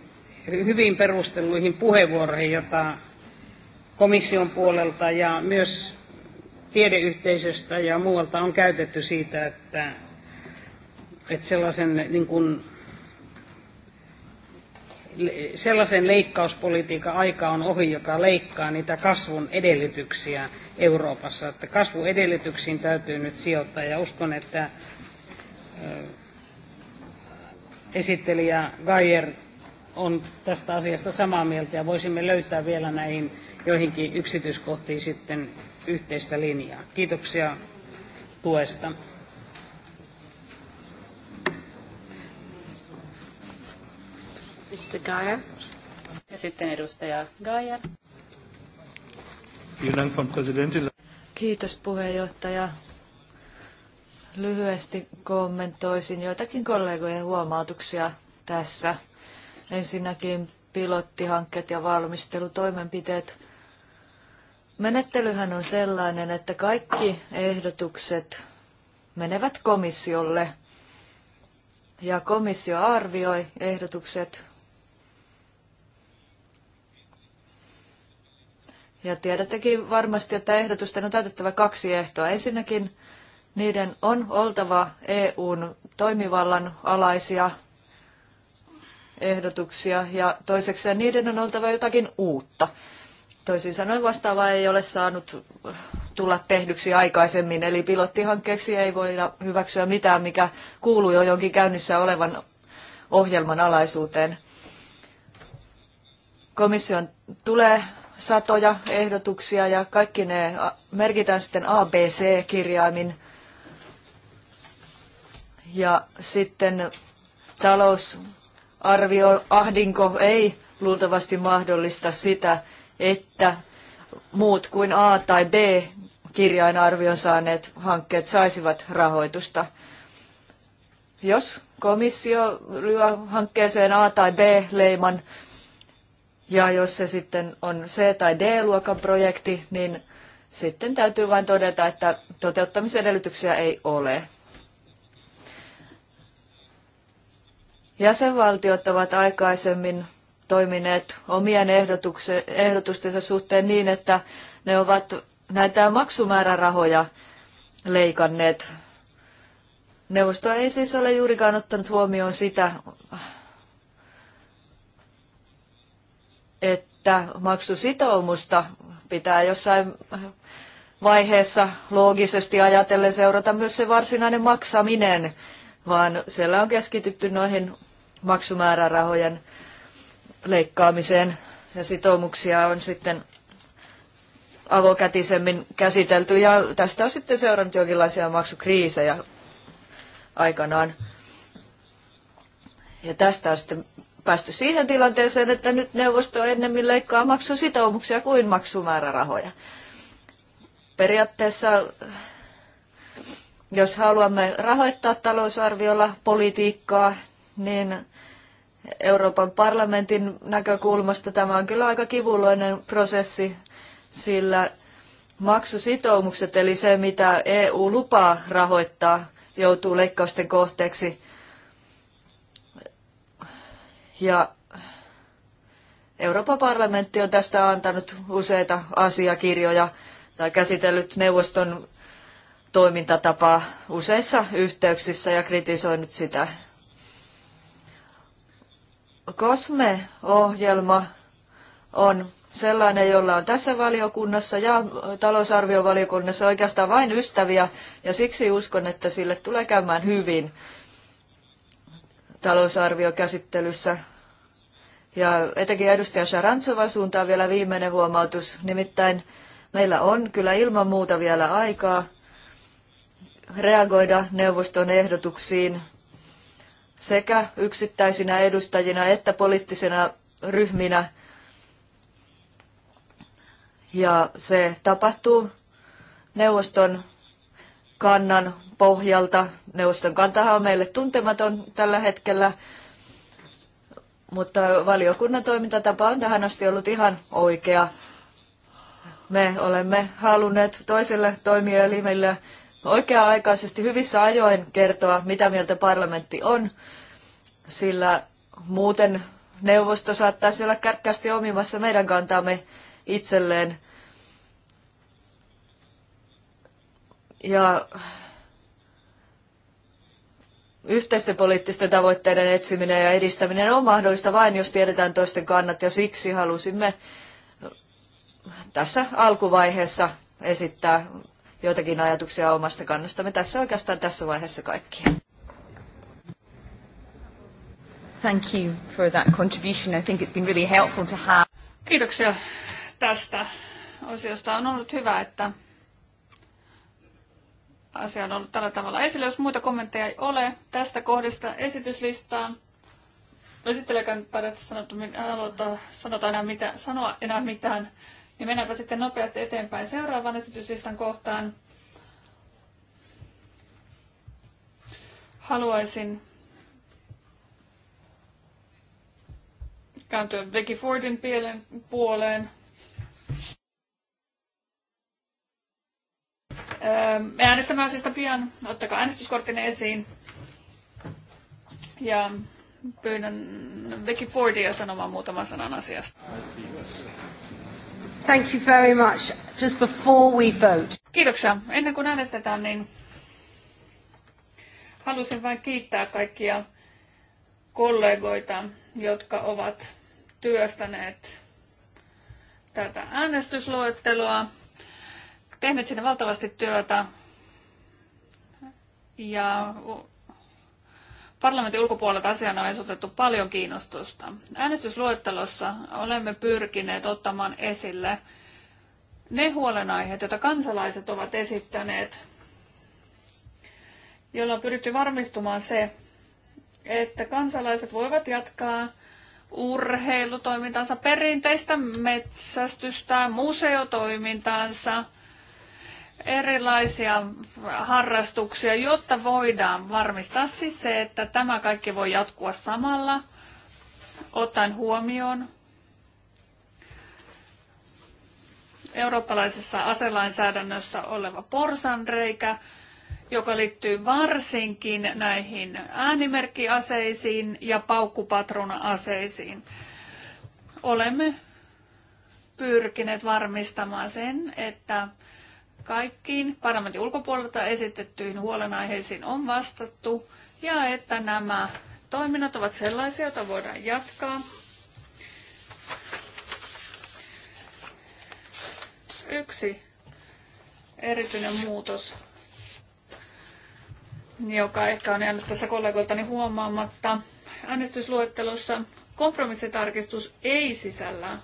hyvin perusteluihin puheenvuoroihin, joita komission puolelta ja myös tiedeyhteisöstä ja muualta on käytetty siitä, että, että sellaisen niin kuin sellaisen leikkauspolitiikan aika on ohi, joka leikkaa niitä kasvun edellytyksiä Euroopassa. Että kasvun edellytyksiin täytyy nyt sijoittaa ja uskon, että esittelijä Gayer on tästä asiasta samaa mieltä ja voisimme löytää vielä näihin joihinkin yksityiskohtiin sitten yhteistä linjaa. Kiitoksia tuesta. Mr. Geyer. Ja sitten edustaja Geyer. Kiitos puheenjohtaja. Lyhyesti kommentoisin joitakin kollegojen huomautuksia tässä. Ensinnäkin pilottihankkeet ja valmistelutoimenpiteet. Menettelyhän on sellainen, että kaikki ehdotukset menevät komissiolle ja komissio arvioi ehdotukset Ja tiedättekin varmasti, että ehdotusten on täytettävä kaksi ehtoa. Ensinnäkin niiden on oltava EUn toimivallan alaisia ehdotuksia ja toiseksi niiden on oltava jotakin uutta. Toisin sanoen vastaava ei ole saanut tulla tehdyksi aikaisemmin, eli pilottihankkeeksi ei voida hyväksyä mitään, mikä kuuluu jo jonkin käynnissä olevan ohjelman alaisuuteen. Komission tulee satoja ehdotuksia ja kaikki ne merkitään sitten ABC-kirjaimin. Ja sitten talousarvio ahdinko ei luultavasti mahdollista sitä, että muut kuin A- tai B-kirjainarvion saaneet hankkeet saisivat rahoitusta. Jos komissio lyö hankkeeseen A- tai B-leiman, ja jos se sitten on C- tai D-luokan projekti, niin sitten täytyy vain todeta, että toteuttamisedellytyksiä ei ole. Jäsenvaltiot ovat aikaisemmin toimineet omien ehdotustensa suhteen niin, että ne ovat näitä maksumäärärahoja leikanneet. Neuvosto ei siis ole juurikaan ottanut huomioon sitä että maksusitoumusta pitää jossain vaiheessa loogisesti ajatellen seurata myös se varsinainen maksaminen, vaan siellä on keskitytty noihin maksumäärärahojen leikkaamiseen ja sitoumuksia on sitten avokätisemmin käsitelty ja tästä on sitten seurannut jonkinlaisia maksukriisejä aikanaan. Ja tästä on sitten päästy siihen tilanteeseen, että nyt neuvosto ennemmin leikkaa maksusitoumuksia kuin maksumäärärahoja. Periaatteessa, jos haluamme rahoittaa talousarviolla politiikkaa, niin Euroopan parlamentin näkökulmasta tämä on kyllä aika kivuloinen prosessi, sillä maksusitoumukset, eli se mitä EU lupaa rahoittaa, joutuu leikkausten kohteeksi – ja Euroopan parlamentti on tästä antanut useita asiakirjoja tai käsitellyt neuvoston toimintatapaa useissa yhteyksissä ja kritisoinut sitä. COSME-ohjelma on sellainen, jolla on tässä valiokunnassa ja talousarviovaliokunnassa oikeastaan vain ystäviä, ja siksi uskon, että sille tulee käymään hyvin talousarviokäsittelyssä. Ja etenkin edustaja Sharantsova suuntaan vielä viimeinen huomautus. Nimittäin meillä on kyllä ilman muuta vielä aikaa reagoida neuvoston ehdotuksiin sekä yksittäisinä edustajina että poliittisina ryhminä. Ja se tapahtuu neuvoston kannan pohjalta. Neuvoston kantahan on meille tuntematon tällä hetkellä, mutta valiokunnan toimintatapa on tähän asti ollut ihan oikea. Me olemme halunneet toiselle toimielimelle oikea-aikaisesti hyvissä ajoin kertoa, mitä mieltä parlamentti on, sillä muuten neuvosto saattaisi olla kärkkästi omimassa meidän kantaamme itselleen. Ja Yhteisten poliittisten tavoitteiden etsiminen ja edistäminen on mahdollista vain, jos tiedetään toisten kannat, ja siksi halusimme tässä alkuvaiheessa esittää joitakin ajatuksia omasta kannastamme. Tässä oikeastaan tässä vaiheessa kaikki. Thank you for that contribution. I think it's been really helpful to have. Kiitoksia tästä osiosta. On ollut hyvä, että asia on ollut tällä tavalla esillä. Jos muita kommentteja ei ole tästä kohdista esityslistaa, esittelekään päätä sanotaan, sanotaan enää mitä, sanoa enää mitään, niin mennäänpä sitten nopeasti eteenpäin seuraavaan esityslistan kohtaan. Haluaisin kääntyä Vicky Fordin puoleen. Me äänestämme asiasta pian. Ottakaa äänestyskorttinne esiin. Ja pyydän Vicky Fordia sanomaan muutaman sanan asiasta. Thank you very much. Just before we vote. Kiitoksia. Ennen kuin äänestetään, niin halusin vain kiittää kaikkia kollegoita, jotka ovat työstäneet tätä äänestysluetteloa tehnyt sinne valtavasti työtä. Ja parlamentin ulkopuolelta asiana on esitetty paljon kiinnostusta. Äänestysluettelossa olemme pyrkineet ottamaan esille ne huolenaiheet, joita kansalaiset ovat esittäneet, jolla on pyritty varmistumaan se, että kansalaiset voivat jatkaa urheilutoimintansa, perinteistä metsästystä, museotoimintaansa – erilaisia harrastuksia, jotta voidaan varmistaa siis se, että tämä kaikki voi jatkua samalla, ottaen huomioon eurooppalaisessa aselainsäädännössä oleva porsanreikä, joka liittyy varsinkin näihin äänimerkkiaseisiin ja paukkupatruuna-aseisiin. Olemme pyrkineet varmistamaan sen, että Kaikkiin parlamentin ulkopuolelta esitettyihin huolenaiheisiin on vastattu ja että nämä toiminnot ovat sellaisia, joita voidaan jatkaa. Yksi erityinen muutos, joka ehkä on jäänyt tässä kollegoiltani huomaamatta. Äänestysluettelossa kompromissitarkistus ei sisällä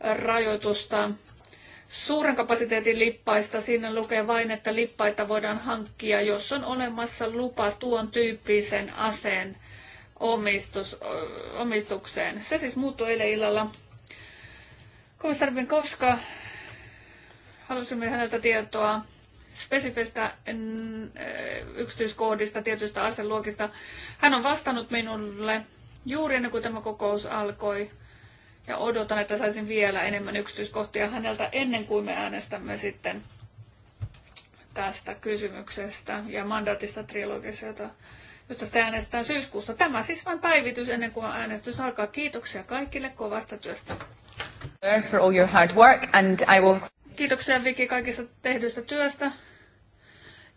rajoitusta suuren kapasiteetin lippaista. Siinä lukee vain, että lippaita voidaan hankkia, jos on olemassa lupa tuon tyyppisen aseen omistus, omistukseen. Se siis muuttui eilen illalla. Komissaari Binkovska, halusimme häneltä tietoa spesifistä eh, yksityiskohdista, tietystä aseluokista. Hän on vastannut minulle juuri ennen kuin tämä kokous alkoi. Ja odotan, että saisin vielä enemmän yksityiskohtia häneltä ennen kuin me äänestämme sitten tästä kysymyksestä ja mandaatista trilogissa, jota, josta sitä äänestetään syyskuussa. Tämä siis vain päivitys ennen kuin äänestys alkaa. Kiitoksia kaikille kovasta työstä. For all your hard work and I will... Kiitoksia Viki kaikista tehdystä työstä.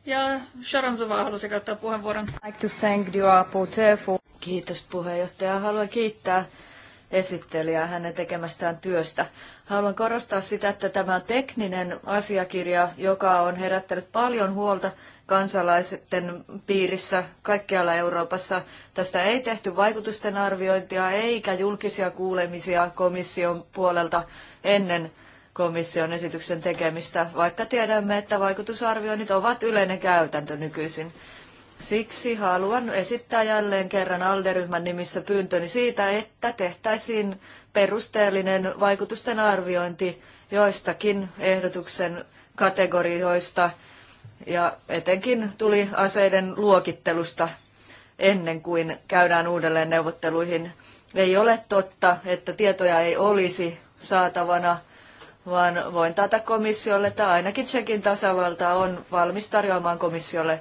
Ja Sharon Zuva halusi käyttää puheenvuoron. Like to thank the rapporteur for... Kiitos puheenjohtaja. Haluan kiittää esittelijää hänen tekemästään työstä. Haluan korostaa sitä, että tämä tekninen asiakirja, joka on herättänyt paljon huolta kansalaisten piirissä kaikkialla Euroopassa, tästä ei tehty vaikutusten arviointia eikä julkisia kuulemisia komission puolelta ennen komission esityksen tekemistä, vaikka tiedämme, että vaikutusarvioinnit ovat yleinen käytäntö nykyisin. Siksi haluan esittää jälleen kerran ALDE-ryhmän nimissä pyyntöni siitä, että tehtäisiin perusteellinen vaikutusten arviointi joistakin ehdotuksen kategorioista ja etenkin tuli aseiden luokittelusta ennen kuin käydään uudelleen neuvotteluihin. Ei ole totta, että tietoja ei olisi saatavana, vaan voin taata komissiolle, että ainakin Tsekin tasavalta on valmis tarjoamaan komissiolle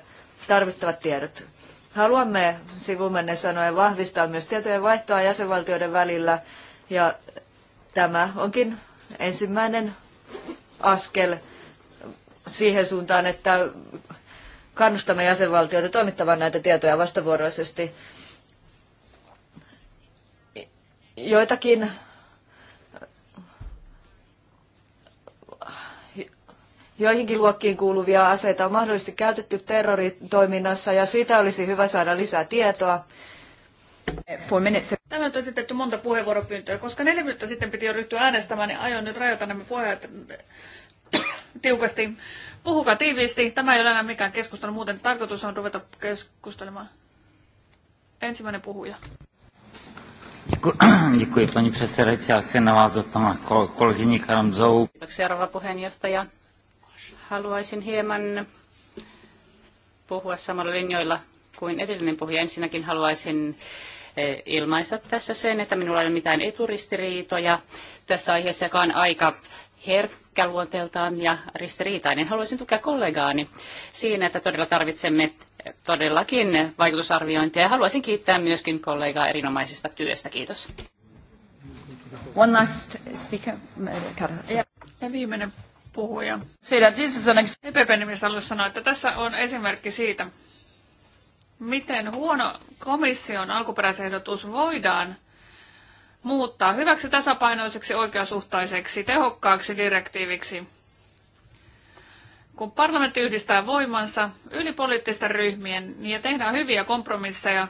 tarvittavat tiedot. Haluamme sivumenne sanoen vahvistaa myös tietojen vaihtoa jäsenvaltioiden välillä ja tämä onkin ensimmäinen askel siihen suuntaan, että kannustamme jäsenvaltioita toimittamaan näitä tietoja vastavuoroisesti. Joitakin joihinkin luokkiin kuuluvia aseita on mahdollisesti käytetty terroritoiminnassa ja siitä olisi hyvä saada lisää tietoa. Täällä on esitetty monta puheenvuoropyyntöä. Koska neljä minuuttia sitten piti jo ryhtyä äänestämään, niin aion nyt rajoita nämä puheet tiukasti. Puhukaa tiiviisti. Tämä ei ole enää mikään keskustelu. Muuten tarkoitus on ruveta keskustelemaan. Ensimmäinen puhuja. Děkuji, paní předsedající. chci navázat na kolegyni Karamzovou. Kiitoksia, rouva puheenjohtaja haluaisin hieman puhua samalla linjoilla kuin edellinen puhuja. Ensinnäkin haluaisin eh, ilmaista tässä sen, että minulla ei ole mitään eturistiriitoja tässä aiheessa, joka on aika herkkä luonteeltaan ja ristiriitainen. Haluaisin tukea kollegaani siinä, että todella tarvitsemme todellakin vaikutusarviointia. Haluaisin kiittää myöskin kollegaa erinomaisesta työstä. Kiitos. One last speaker. Ja viimeinen puhuja. Siitä EPP-nimissä e haluaisin sanoa, että tässä on esimerkki siitä, miten huono komission alkuperäisehdotus voidaan muuttaa hyväksi tasapainoiseksi, oikeasuhtaiseksi, tehokkaaksi direktiiviksi. Kun parlamentti yhdistää voimansa yli poliittisten ryhmien niin ja tehdään hyviä kompromisseja,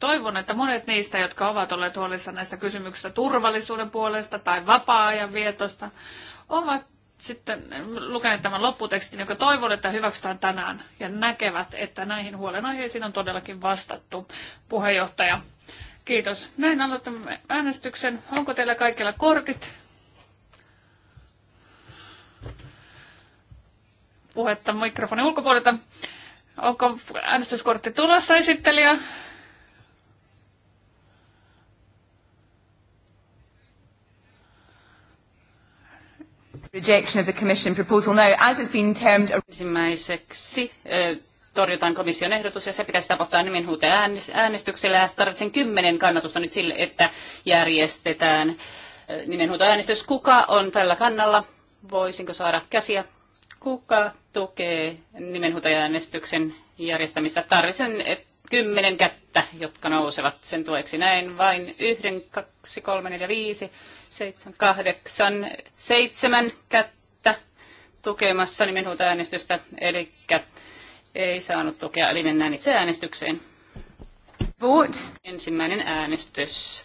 toivon, että monet niistä, jotka ovat olleet huolissa näistä kysymyksistä turvallisuuden puolesta tai vapaa-ajan vietosta, ovat sitten lukeneet tämän lopputekstin, joka toivon, että hyväksytään tänään ja näkevät, että näihin huolenaiheisiin on todellakin vastattu. Puheenjohtaja, kiitos. Näin aloitamme äänestyksen. Onko teillä kaikilla kortit? Puhetta mikrofonin ulkopuolelta. Onko äänestyskortti tulossa esittelijä? Rejection of the commission proposal now, as it's been termed... Ensimmäiseksi torjutaan komission ehdotus ja se pitäisi tapahtua nimenhuuteen äänestyksellä. Tarvitsen kymmenen kannatusta nyt sille, että järjestetään nimen äänestys. Kuka on tällä kannalla? Voisinko saada käsiä? Kuka tukee nimen äänestyksen järjestämistä? Tarvitsen kymmenen kättä, jotka nousevat sen tueksi. Näin vain yhden, kaksi, kolme, neljä, viisi, seitsemän, kahdeksan, seitsemän kättä tukemassa äänestystä eli ei saanut tukea, eli mennään itse äänestykseen. Vote. Ensimmäinen äänestys.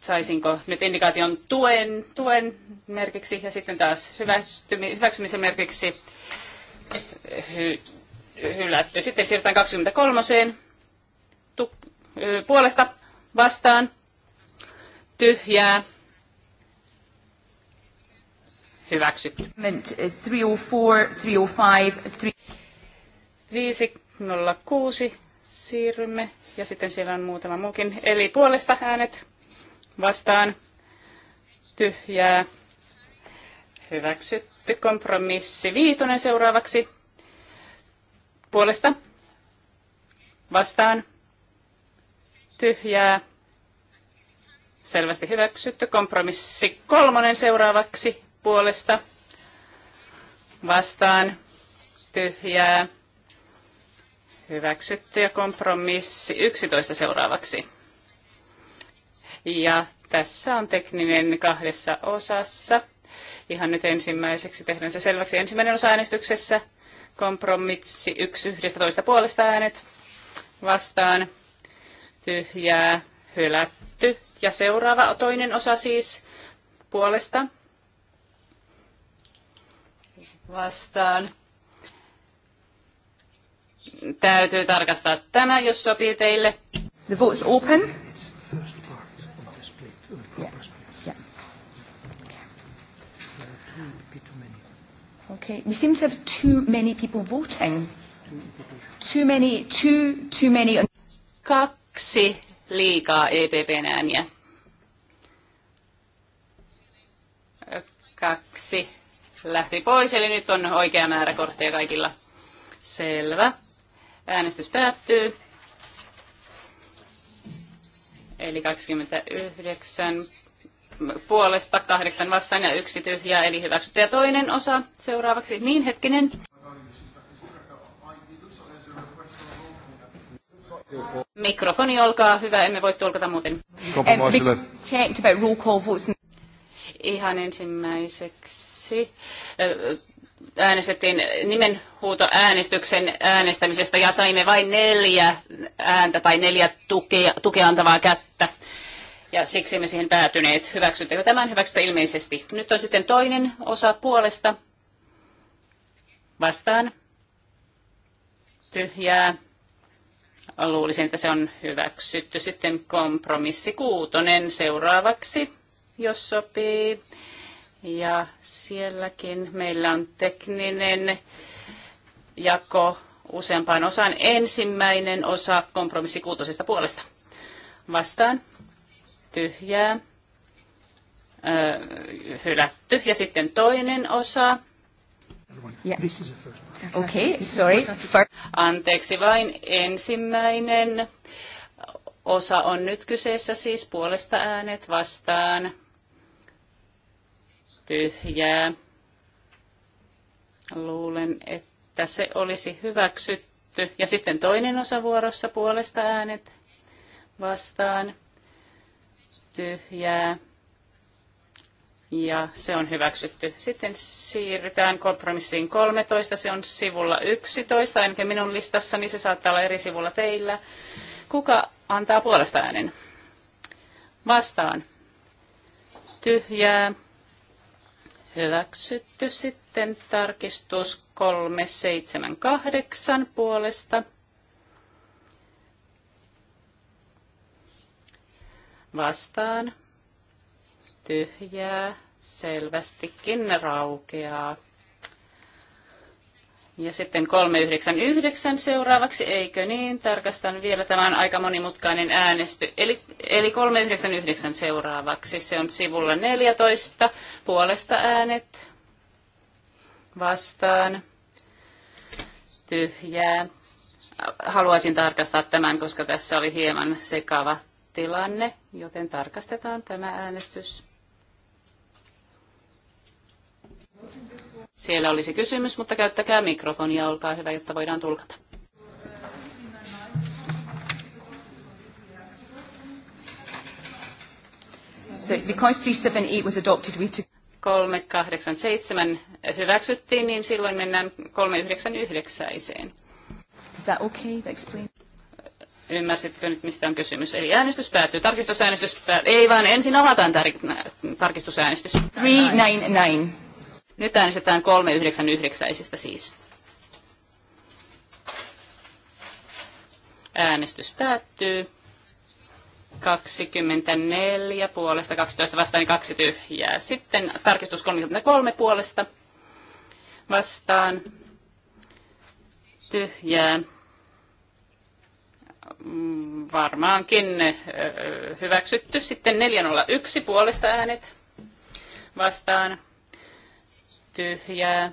Saisinko nyt indikaation tuen, tuen merkiksi ja sitten taas hyväksymisen merkiksi hy, hylätty. Sitten siirrytään 23. Tu, puolesta vastaan tyhjää, Hyväksy. 304, 305, 506 siirrymme ja sitten siellä on muutama muukin. Eli puolesta äänet vastaan tyhjää. Hyväksytty kompromissi. Viitonen seuraavaksi. Puolesta vastaan tyhjää. Selvästi hyväksytty. Kompromissi kolmonen seuraavaksi puolesta. Vastaan. Tyhjää. Hyväksytty ja kompromissi 11 seuraavaksi. Ja tässä on tekninen kahdessa osassa. Ihan nyt ensimmäiseksi tehdään se selväksi ensimmäinen osa äänestyksessä. Kompromissi 1 11 puolesta äänet vastaan. Tyhjää, hylätty. Ja seuraava toinen osa siis puolesta vastaan. Täytyy tarkastaa tämä, jos sopii teille. The vote is open. Okay, we seem to have too many people voting. Too many, too, too many. Kaksi liikaa epp ääniä. Kaksi lähti pois, eli nyt on oikea määrä kortteja kaikilla. Selvä. Äänestys päättyy. Eli 29 puolesta, kahdeksan vastaan ja yksi tyhjää, eli hyväksytty. Ja toinen osa seuraavaksi, niin hetkinen. Mikrofoni, olkaa hyvä, emme voi tulkata muuten. Eh, Ihan ensimmäiseksi eh, äänestettiin nimenhuutoäänestyksen äänestämisestä ja saimme vain neljä ääntä tai neljä tukea, tukea antavaa kättä. Ja siksi emme siihen päätyneet. Hyväksyttekö tämän? Hyväksytte ilmeisesti. Nyt on sitten toinen osa puolesta. Vastaan. Tyhjää. Luulisin, että se on hyväksytty. Sitten kompromissi kuutonen seuraavaksi, jos sopii. Ja sielläkin meillä on tekninen jako useampaan osaan. Ensimmäinen osa kompromissi kuutosesta puolesta. Vastaan. Tyhjää. Öö, hylätty. Ja sitten toinen osa Yeah. This is the first one. Okay, sorry. Anteeksi vain ensimmäinen osa on nyt kyseessä siis puolesta äänet vastaan. Tyhjää. Luulen, että se olisi hyväksytty. Ja sitten toinen osa vuorossa puolesta äänet vastaan. Tyhjää ja se on hyväksytty. Sitten siirrytään kompromissiin 13, se on sivulla 11, ainakin minun listassani, niin se saattaa olla eri sivulla teillä. Kuka antaa puolesta äänen? Vastaan. Tyhjää. Hyväksytty sitten tarkistus 378 puolesta. Vastaan tyhjää selvästikin raukeaa. Ja sitten 399 seuraavaksi, eikö niin? Tarkastan vielä, tämän aika monimutkainen äänesty. Eli, eli 399 seuraavaksi, se on sivulla 14, puolesta äänet, vastaan, tyhjää. Haluaisin tarkastaa tämän, koska tässä oli hieman sekava tilanne, joten tarkastetaan tämä äänestys. Siellä olisi kysymys, mutta käyttäkää mikrofonia, olkaa hyvä, jotta voidaan tulkata. So because was adopted, we took... 387 hyväksyttiin, niin silloin mennään 399. Is okay? explain... Ymmärsitkö nyt, mistä on kysymys? Eli äänestys päättyy. Tarkistusäänestys päättyy. Ei, vaan ensin avataan tar- tarkistusäänestys. 399. Nyt äänestetään 399 siis. Äänestys päättyy. 24 puolesta, 12 vastaan, niin kaksi tyhjää. Sitten tarkistus 33 puolesta vastaan, tyhjää. Varmaankin hyväksytty. Sitten 401 puolesta äänet vastaan, tyhjää.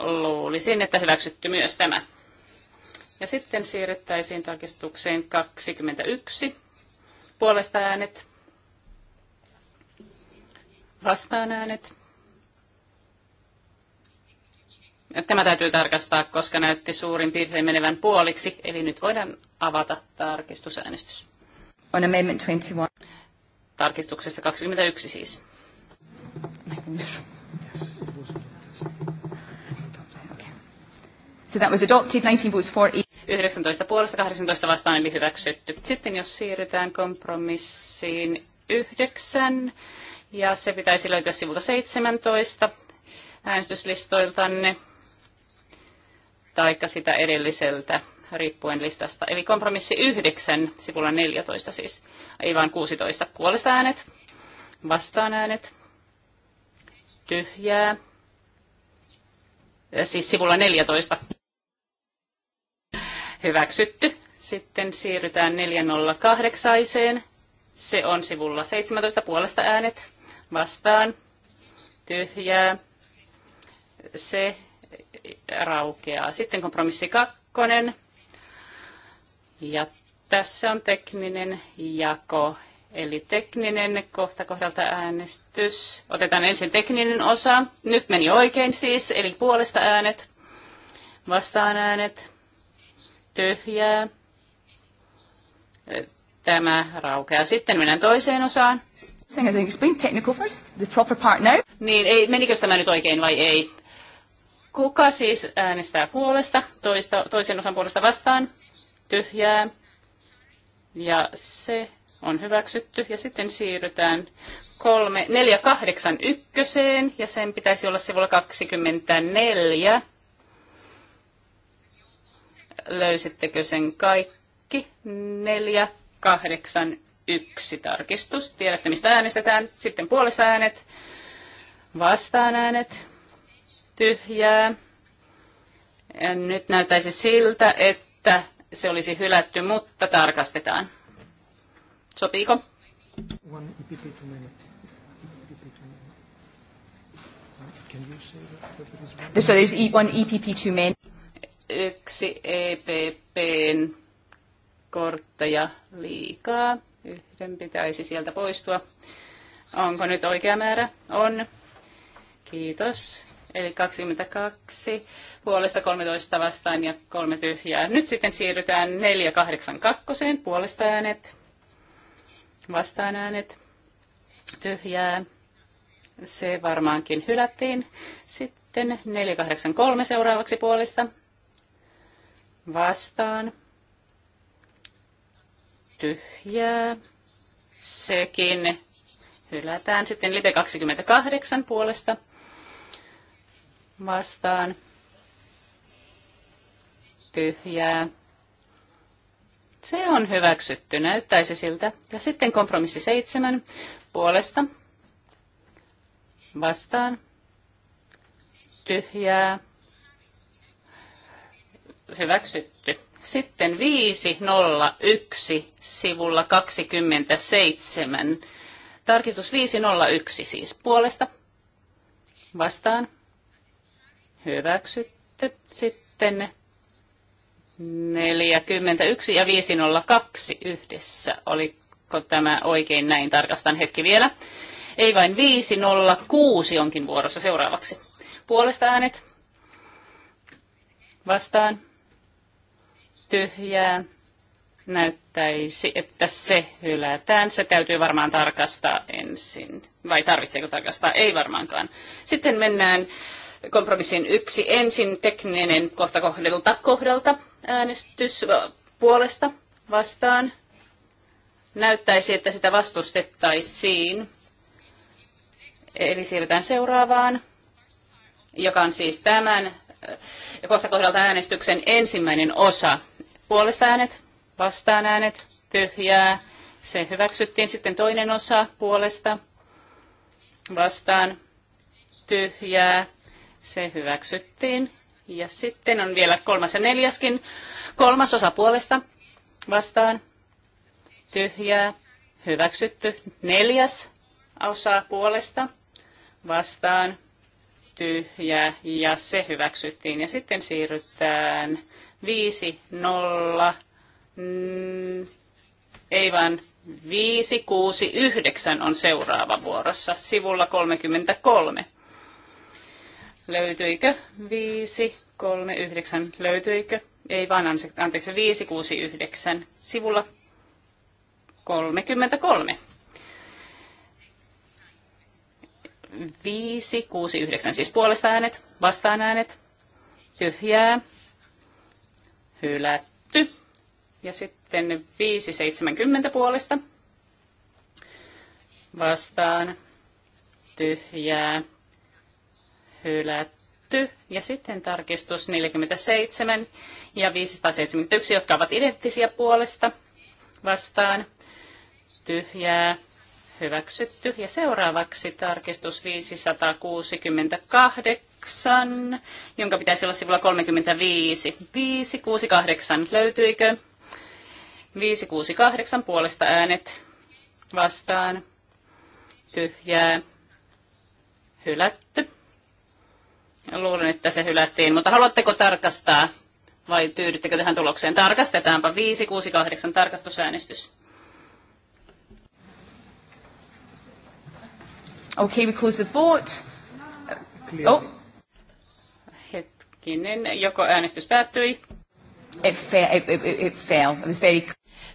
Luulisin, että hyväksytty myös tämä. Ja sitten siirryttäisiin tarkistukseen 21. Puolesta äänet. Vastaan äänet. Tämä täytyy tarkastaa, koska näytti suurin piirtein menevän puoliksi, eli nyt voidaan avata tarkistusäänestys. On amendment 21. Tarkistuksesta 21 siis. So was adopted, 19 19 puolesta, 18 vastaan, eli hyväksytty. Sitten jos siirrytään kompromissiin 9, ja se pitäisi löytyä sivulta 17 äänestyslistoiltanne, taikka sitä edelliseltä riippuen listasta. Eli kompromissi 9, sivulla 14 siis, ei vaan 16. Puolesta äänet, vastaan äänet, tyhjää, siis sivulla 14. Hyväksytty. Sitten siirrytään 408. Se on sivulla 17 puolesta äänet. Vastaan. Tyhjää. Se raukeaa. Sitten kompromissi kakkonen. Ja tässä on tekninen jako, eli tekninen kohta kohdalta äänestys. Otetaan ensin tekninen osa. Nyt meni oikein siis, eli puolesta äänet, vastaan äänet, tyhjää. Tämä raukeaa. Sitten mennään toiseen osaan. Explain technical first, the proper part now. Niin, ei, menikö tämä nyt oikein vai ei? Kuka siis äänestää puolesta, toista, toisen osan puolesta vastaan? Tyhjää. Ja se on hyväksytty. Ja sitten siirrytään 3, ja sen pitäisi olla sivulla 24 löysittekö sen kaikki? 4, 8, 1 tarkistus. Tiedätte, mistä äänestetään. Sitten puolesta äänet, vastaan äänet, tyhjää. Ja nyt näyttäisi siltä, että se olisi hylätty, mutta tarkastetaan. Sopiiko? One EPP too many. So there's e, one EPP too many yksi EPPn kortteja liikaa. Yhden pitäisi sieltä poistua. Onko nyt oikea määrä? On. Kiitos. Eli 22 puolesta 13 vastaan ja kolme tyhjää. Nyt sitten siirrytään 482 puolesta äänet, vastaan äänet, tyhjää. Se varmaankin hylättiin. Sitten 483 seuraavaksi puolesta vastaan. Tyhjää. Sekin hylätään. Sitten live 28 puolesta vastaan. Tyhjää. Se on hyväksytty, näyttäisi siltä. Ja sitten kompromissi 7 puolesta vastaan. Tyhjää hyväksytty. Sitten 501 sivulla 27. Tarkistus 501 siis puolesta. Vastaan. Hyväksytty. Sitten 41 ja 502 yhdessä. Oliko tämä oikein näin? Tarkastan hetki vielä. Ei vain 506 onkin vuorossa seuraavaksi. Puolesta äänet. Vastaan tyhjää näyttäisi, että se hylätään. Se täytyy varmaan tarkastaa ensin. Vai tarvitseeko tarkastaa? Ei varmaankaan. Sitten mennään kompromissin yksi. Ensin tekninen kohta kohdelta, kohdalta äänestys puolesta vastaan. Näyttäisi, että sitä vastustettaisiin. Eli siirrytään seuraavaan, joka on siis tämän kohta kohdalta äänestyksen ensimmäinen osa Puolesta äänet, vastaan äänet, tyhjää. Se hyväksyttiin. Sitten toinen osa puolesta, vastaan, tyhjää. Se hyväksyttiin. Ja sitten on vielä kolmas ja neljäskin. Kolmas osa puolesta, vastaan, tyhjää. Hyväksytty. Neljäs osa puolesta, vastaan, tyhjää. Ja se hyväksyttiin. Ja sitten siirrytään viisi nolla, mm, ei vaan viisi kuusi yhdeksän on seuraava vuorossa sivulla 33. Löytyikö viisi kolme yhdeksän? Löytyikö? Ei vaan, anteeksi, viisi kuusi yhdeksän sivulla 33. 5, 6, 9, siis puolesta äänet, vastaan äänet, tyhjää, hylätty. Ja sitten 570 puolesta vastaan tyhjää hylätty. Ja sitten tarkistus 47 ja 571, jotka ovat identtisiä puolesta vastaan tyhjää hyväksytty. Ja seuraavaksi tarkistus 568, jonka pitäisi olla sivulla 35. 568, löytyikö? 568 puolesta äänet vastaan. Tyhjää. Hylätty. Luulen, että se hylättiin, mutta haluatteko tarkastaa vai tyydyttekö tähän tulokseen? Tarkastetaanpa 568 tarkastusäänestys. Okay, we close the vote. Oh. Hetkinen, joko äänestys päättyi? It, fa- it, it, it fell. It was very...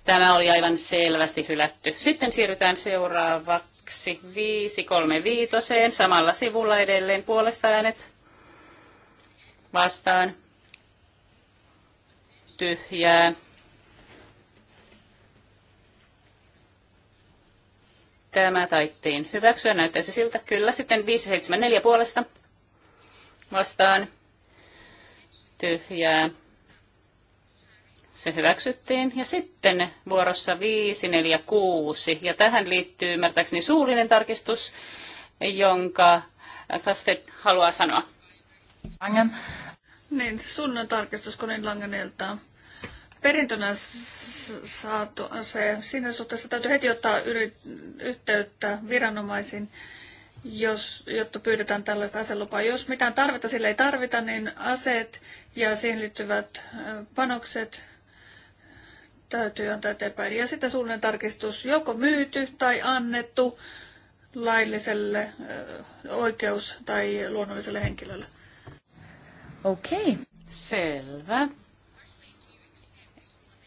Tämä oli aivan selvästi hylätty. Sitten siirrytään seuraavaksi 535. Samalla sivulla edelleen puolesta äänet vastaan. Tyhjää. Tämä taittiin hyväksyä. Näyttäisi siltä. Kyllä. Sitten 574 puolesta vastaan. Tyhjää. Se hyväksyttiin. Ja sitten vuorossa 546. Ja tähän liittyy ymmärtääkseni suullinen tarkistus, jonka Kastet haluaa sanoa. Langen. Niin, sunnan tarkistus Konin Langenilta perintönä saatu se. Siinä suhteessa täytyy heti ottaa yhteyttä viranomaisiin, jos, jotta pyydetään tällaista aselupaa. Jos mitään tarvetta sille ei tarvita, niin aseet ja siihen liittyvät panokset täytyy antaa eteenpäin. Ja sitten suunnilleen tarkistus, joko myyty tai annettu lailliselle oikeus- tai luonnolliselle henkilölle. Okei. Okay. Selvä.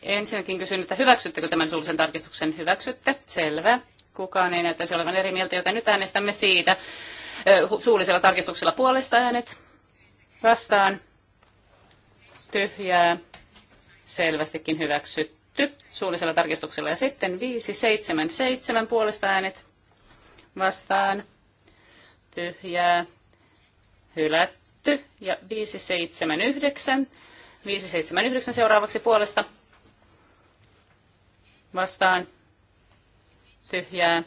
Ensinnäkin kysyn, että hyväksyttekö tämän suullisen tarkistuksen? Hyväksytte. Selvä. Kukaan ei näyttäisi olevan eri mieltä, joten nyt äänestämme siitä. Suullisella tarkistuksella puolesta äänet. Vastaan. Tyhjää. Selvästikin hyväksytty. Suullisella tarkistuksella. Ja sitten 5, 7, 7 puolesta äänet. Vastaan. Tyhjää. Hylätty. Ja 5, 7, 9. 579 seuraavaksi puolesta vastaan tyhjää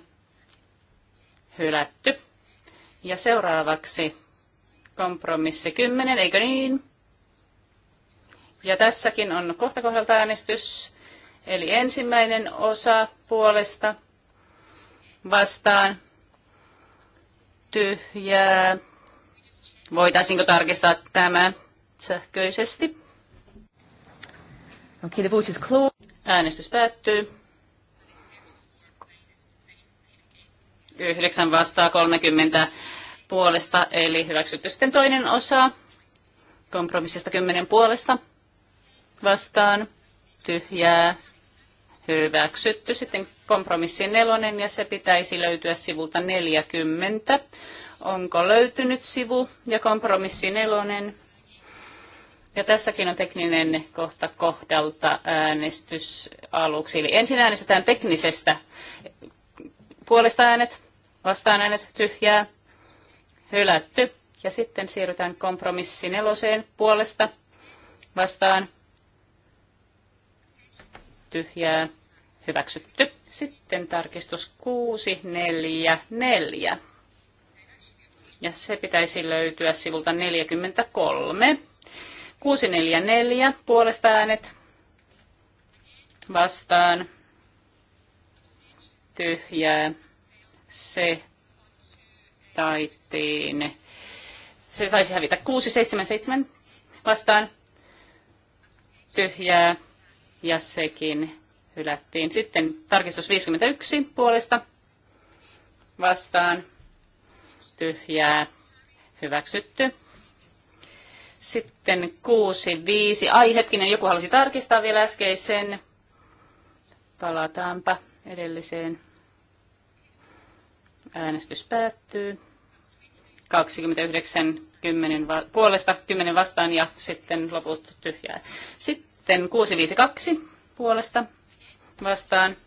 hylätty. Ja seuraavaksi kompromissi 10, eikö niin? Ja tässäkin on kohta kohdalta äänestys. Eli ensimmäinen osa puolesta vastaan tyhjää. Voitaisiinko tarkistaa tämä sähköisesti? Okay, the vote is closed. Äänestys päättyy. 9 vastaa 30 puolesta, eli hyväksytty sitten toinen osa. Kompromissista 10 puolesta vastaan. Tyhjää. Hyväksytty sitten kompromissi nelonen ja se pitäisi löytyä sivulta 40. Onko löytynyt sivu ja kompromissi nelonen? Ja tässäkin on tekninen kohta kohdalta äänestys aluksi. Eli ensin äänestetään teknisestä. Puolesta äänet, vastaan äänet, tyhjää, hylätty. Ja sitten siirrytään kompromissi neloseen puolesta, vastaan, tyhjää, hyväksytty. Sitten tarkistus 6, 4, 4. Ja se pitäisi löytyä sivulta 43. 644 puolesta äänet vastaan tyhjää. Se taittiin. Se taisi hävitä 677 vastaan tyhjää ja sekin hylättiin. Sitten tarkistus 51 puolesta vastaan tyhjää hyväksytty. Sitten kuusi viisi Ai hetkinen, joku halusi tarkistaa vielä äskeisen. Palataanpa edelliseen. Äänestys päättyy. 29, 10 va- puolesta, 10 vastaan ja sitten loput tyhjää. Sitten 652 puolesta vastaan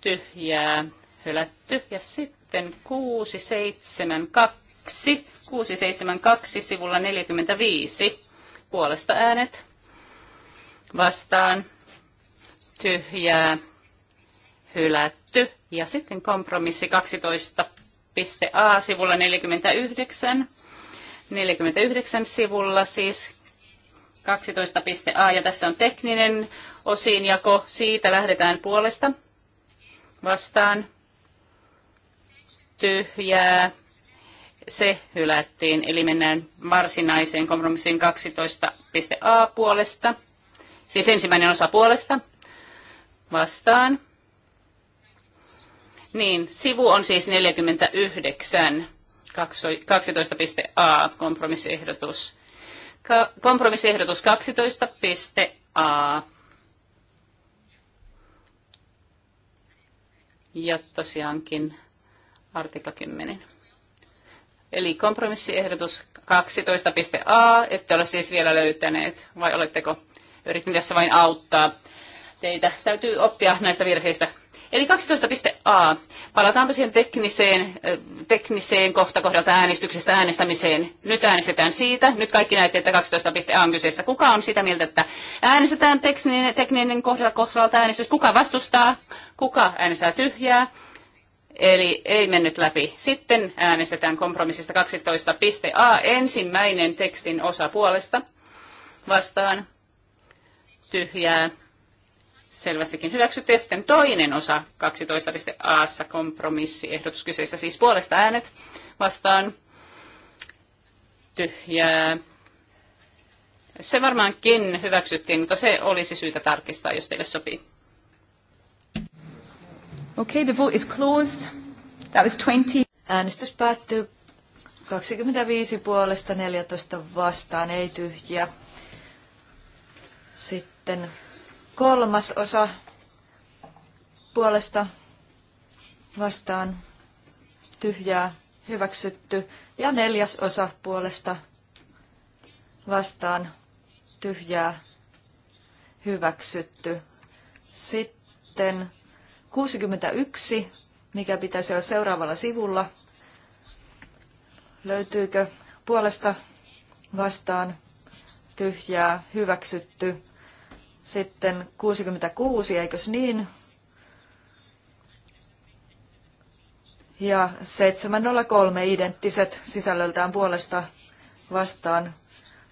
tyhjää hylätty. Ja sitten 672 672 sivulla 45 puolesta äänet vastaan tyhjää hylätty. Ja sitten kompromissi 12.a sivulla 49. 49 sivulla siis 12.a ja tässä on tekninen osinjako. Siitä lähdetään puolesta vastaan tyhjää se hylättiin. Eli mennään varsinaiseen kompromissiin 12.a puolesta. Siis ensimmäinen osa puolesta vastaan. Niin, sivu on siis 49, 12.a kompromissiehdotus. Ka- kompromissiehdotus 12.a. Ja tosiaankin artikla 10. Eli kompromissiehdotus 12.a, ette ole siis vielä löytäneet, vai oletteko yritin tässä vain auttaa teitä. Täytyy oppia näistä virheistä. Eli 12.a. Palataanpa siihen tekniseen, tekniseen kohta äänestyksestä äänestämiseen. Nyt äänestetään siitä. Nyt kaikki näette, että 12.a on kyseessä. Kuka on sitä mieltä, että äänestetään tekninen, tekninen kohdalta äänestys? Kuka vastustaa? Kuka äänestää tyhjää? Eli ei mennyt läpi. Sitten äänestetään kompromissista 12.a ensimmäinen tekstin osa puolesta vastaan tyhjää selvästikin hyväksytty. Ja sitten toinen osa 12.a kompromissiehdotus kyseessä siis puolesta äänet vastaan tyhjää. Se varmaankin hyväksyttiin, mutta se olisi syytä tarkistaa, jos teille sopii. Okay, the vote is closed. That was 20. Äänestys päättyy 25 puolesta 14 vastaan, ei tyhjiä. Sitten kolmas osa puolesta vastaan tyhjää hyväksytty ja neljäs osa puolesta vastaan tyhjää hyväksytty. Sitten 61, mikä pitäisi olla seuraavalla sivulla. Löytyykö puolesta vastaan tyhjää hyväksytty? Sitten 66, eikös niin? Ja 703 identtiset sisällöltään puolesta vastaan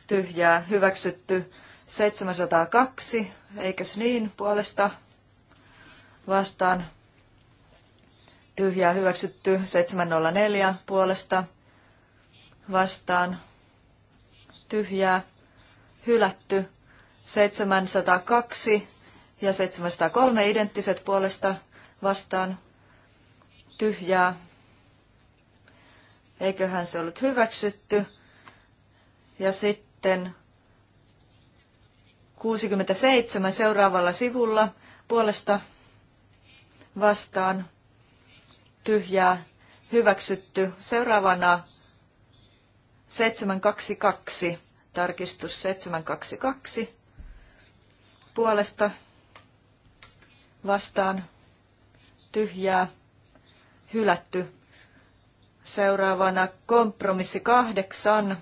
tyhjää hyväksytty 702, eikös niin puolesta vastaan tyhjää hyväksytty 704 puolesta vastaan tyhjää hylätty 702 ja 703 identtiset puolesta vastaan tyhjää. Eiköhän se ollut hyväksytty. Ja sitten 67 seuraavalla sivulla puolesta vastaan tyhjää hyväksytty. Seuraavana 722, tarkistus 722 puolesta vastaan tyhjää hylätty. Seuraavana kompromissi kahdeksan.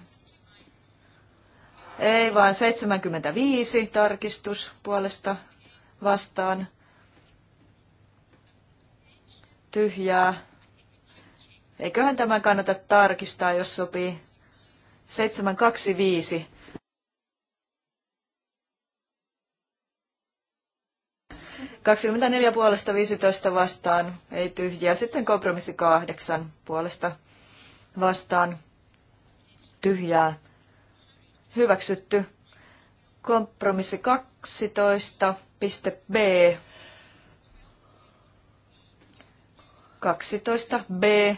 Ei vaan 75 tarkistus puolesta vastaan tyhjää. Eiköhän tämän kannata tarkistaa, jos sopii. 725. Kaksikymmentäneljä puolesta 15 vastaan, ei tyhjiä. Sitten kompromissi kahdeksan puolesta vastaan, tyhjää. Hyväksytty. Kompromissi 12. B 12b,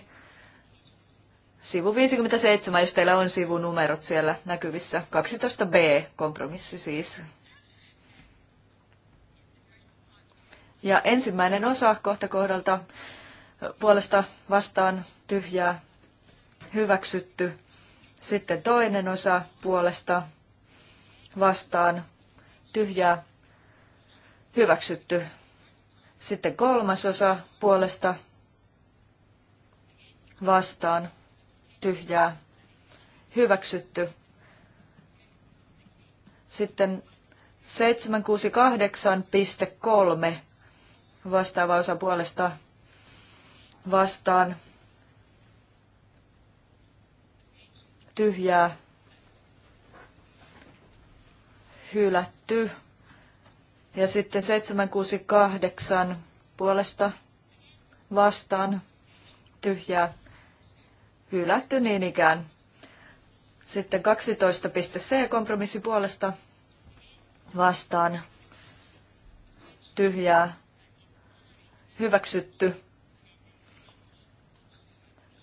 sivu 57, jos teillä on sivunumerot siellä näkyvissä. 12b, kompromissi siis. Ja ensimmäinen osa kohta kohdalta puolesta vastaan tyhjää hyväksytty. Sitten toinen osa puolesta vastaan tyhjää hyväksytty. Sitten kolmas osa puolesta vastaan tyhjää hyväksytty. Sitten 768.3 vastaava osa puolesta vastaan tyhjää hylätty. Ja sitten 768 puolesta vastaan tyhjää hylätty niin ikään. Sitten 12.c kompromissi puolesta vastaan tyhjää hyväksytty.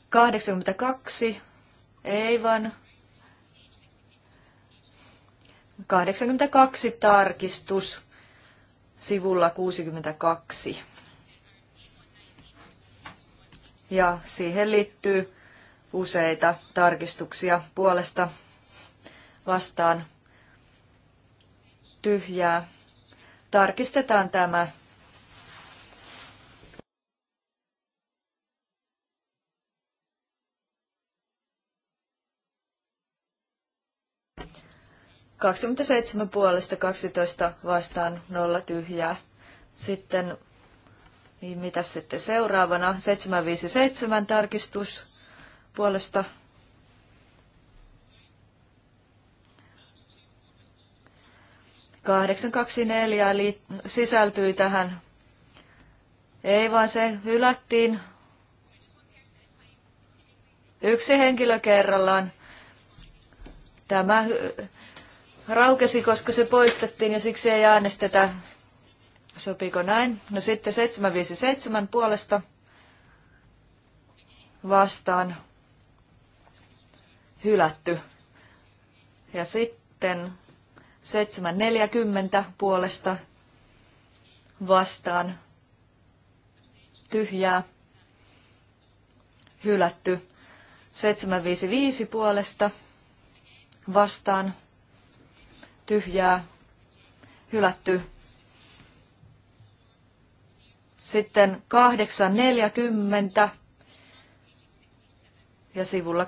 82 ei vaan 82 tarkistus sivulla 62. Ja siihen liittyy useita tarkistuksia puolesta vastaan tyhjää. Tarkistetaan tämä. Kaksikymmentäseitsemän puolesta 12 vastaan nolla tyhjää. Sitten, niin mitä sitten seuraavana? 757 tarkistus puolesta kahdeksan kaksi neljä sisältyi tähän. Ei vaan se hylättiin yksi henkilö kerrallaan. Tämä raukesi, koska se poistettiin ja siksi ei äänestetä. Sopiiko näin? No sitten 757 puolesta vastaan hylätty. Ja sitten 740 puolesta vastaan tyhjää hylätty. 755 puolesta vastaan tyhjää hylätty. Sitten 840 ja sivulla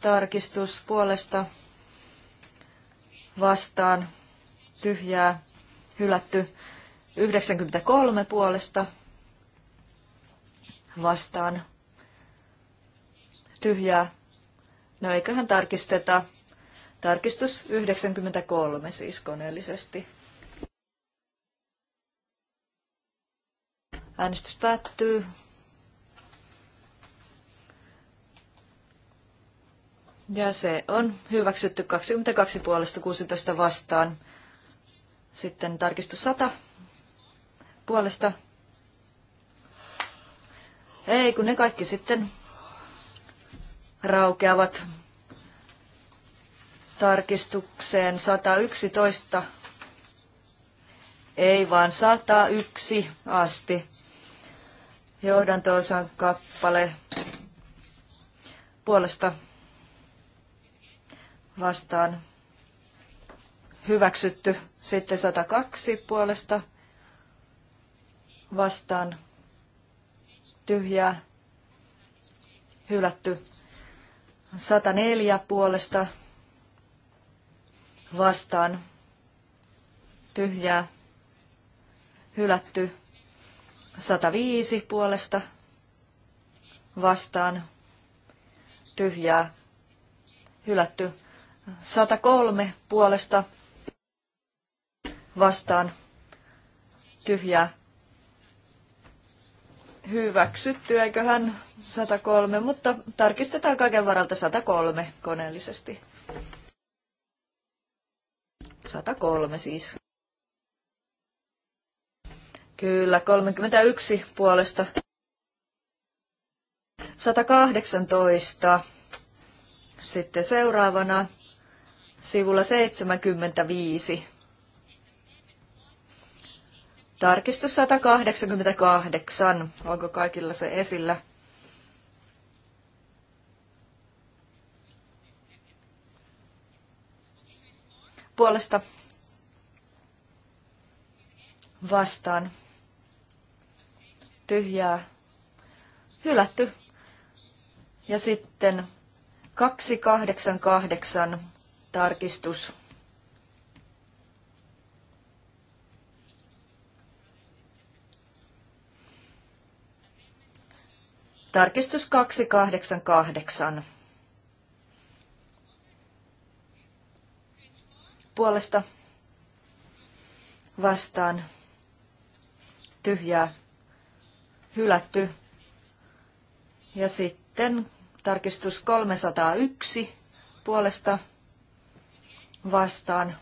tarkistus puolesta vastaan tyhjää hylätty 93 puolesta vastaan tyhjää. No eiköhän tarkisteta. Tarkistus 93 siis koneellisesti. Äänestys päättyy. Ja se on hyväksytty 22 puolesta 16 vastaan. Sitten tarkistus 100 puolesta. Ei, kun ne kaikki sitten raukeavat tarkistukseen 111. Ei vaan 101 asti. Johdantoosan kappale puolesta vastaan hyväksytty. Sitten 102 puolesta vastaan tyhjää hylätty. 104 puolesta vastaan tyhjää hylätty. 105 puolesta vastaan tyhjää hylätty. 103 puolesta vastaan tyhjää hyväksytty, eiköhän 103, mutta tarkistetaan kaiken varalta 103 koneellisesti. 103 siis. Kyllä, 31 puolesta. 118. Sitten seuraavana sivulla 75. Tarkistus 188. Onko kaikilla se esillä? Puolesta vastaan. Tyhjää. Hylätty. Ja sitten 288 tarkistus. Tarkistus 288. Puolesta vastaan tyhjää hylätty. Ja sitten tarkistus 301 puolesta vastaan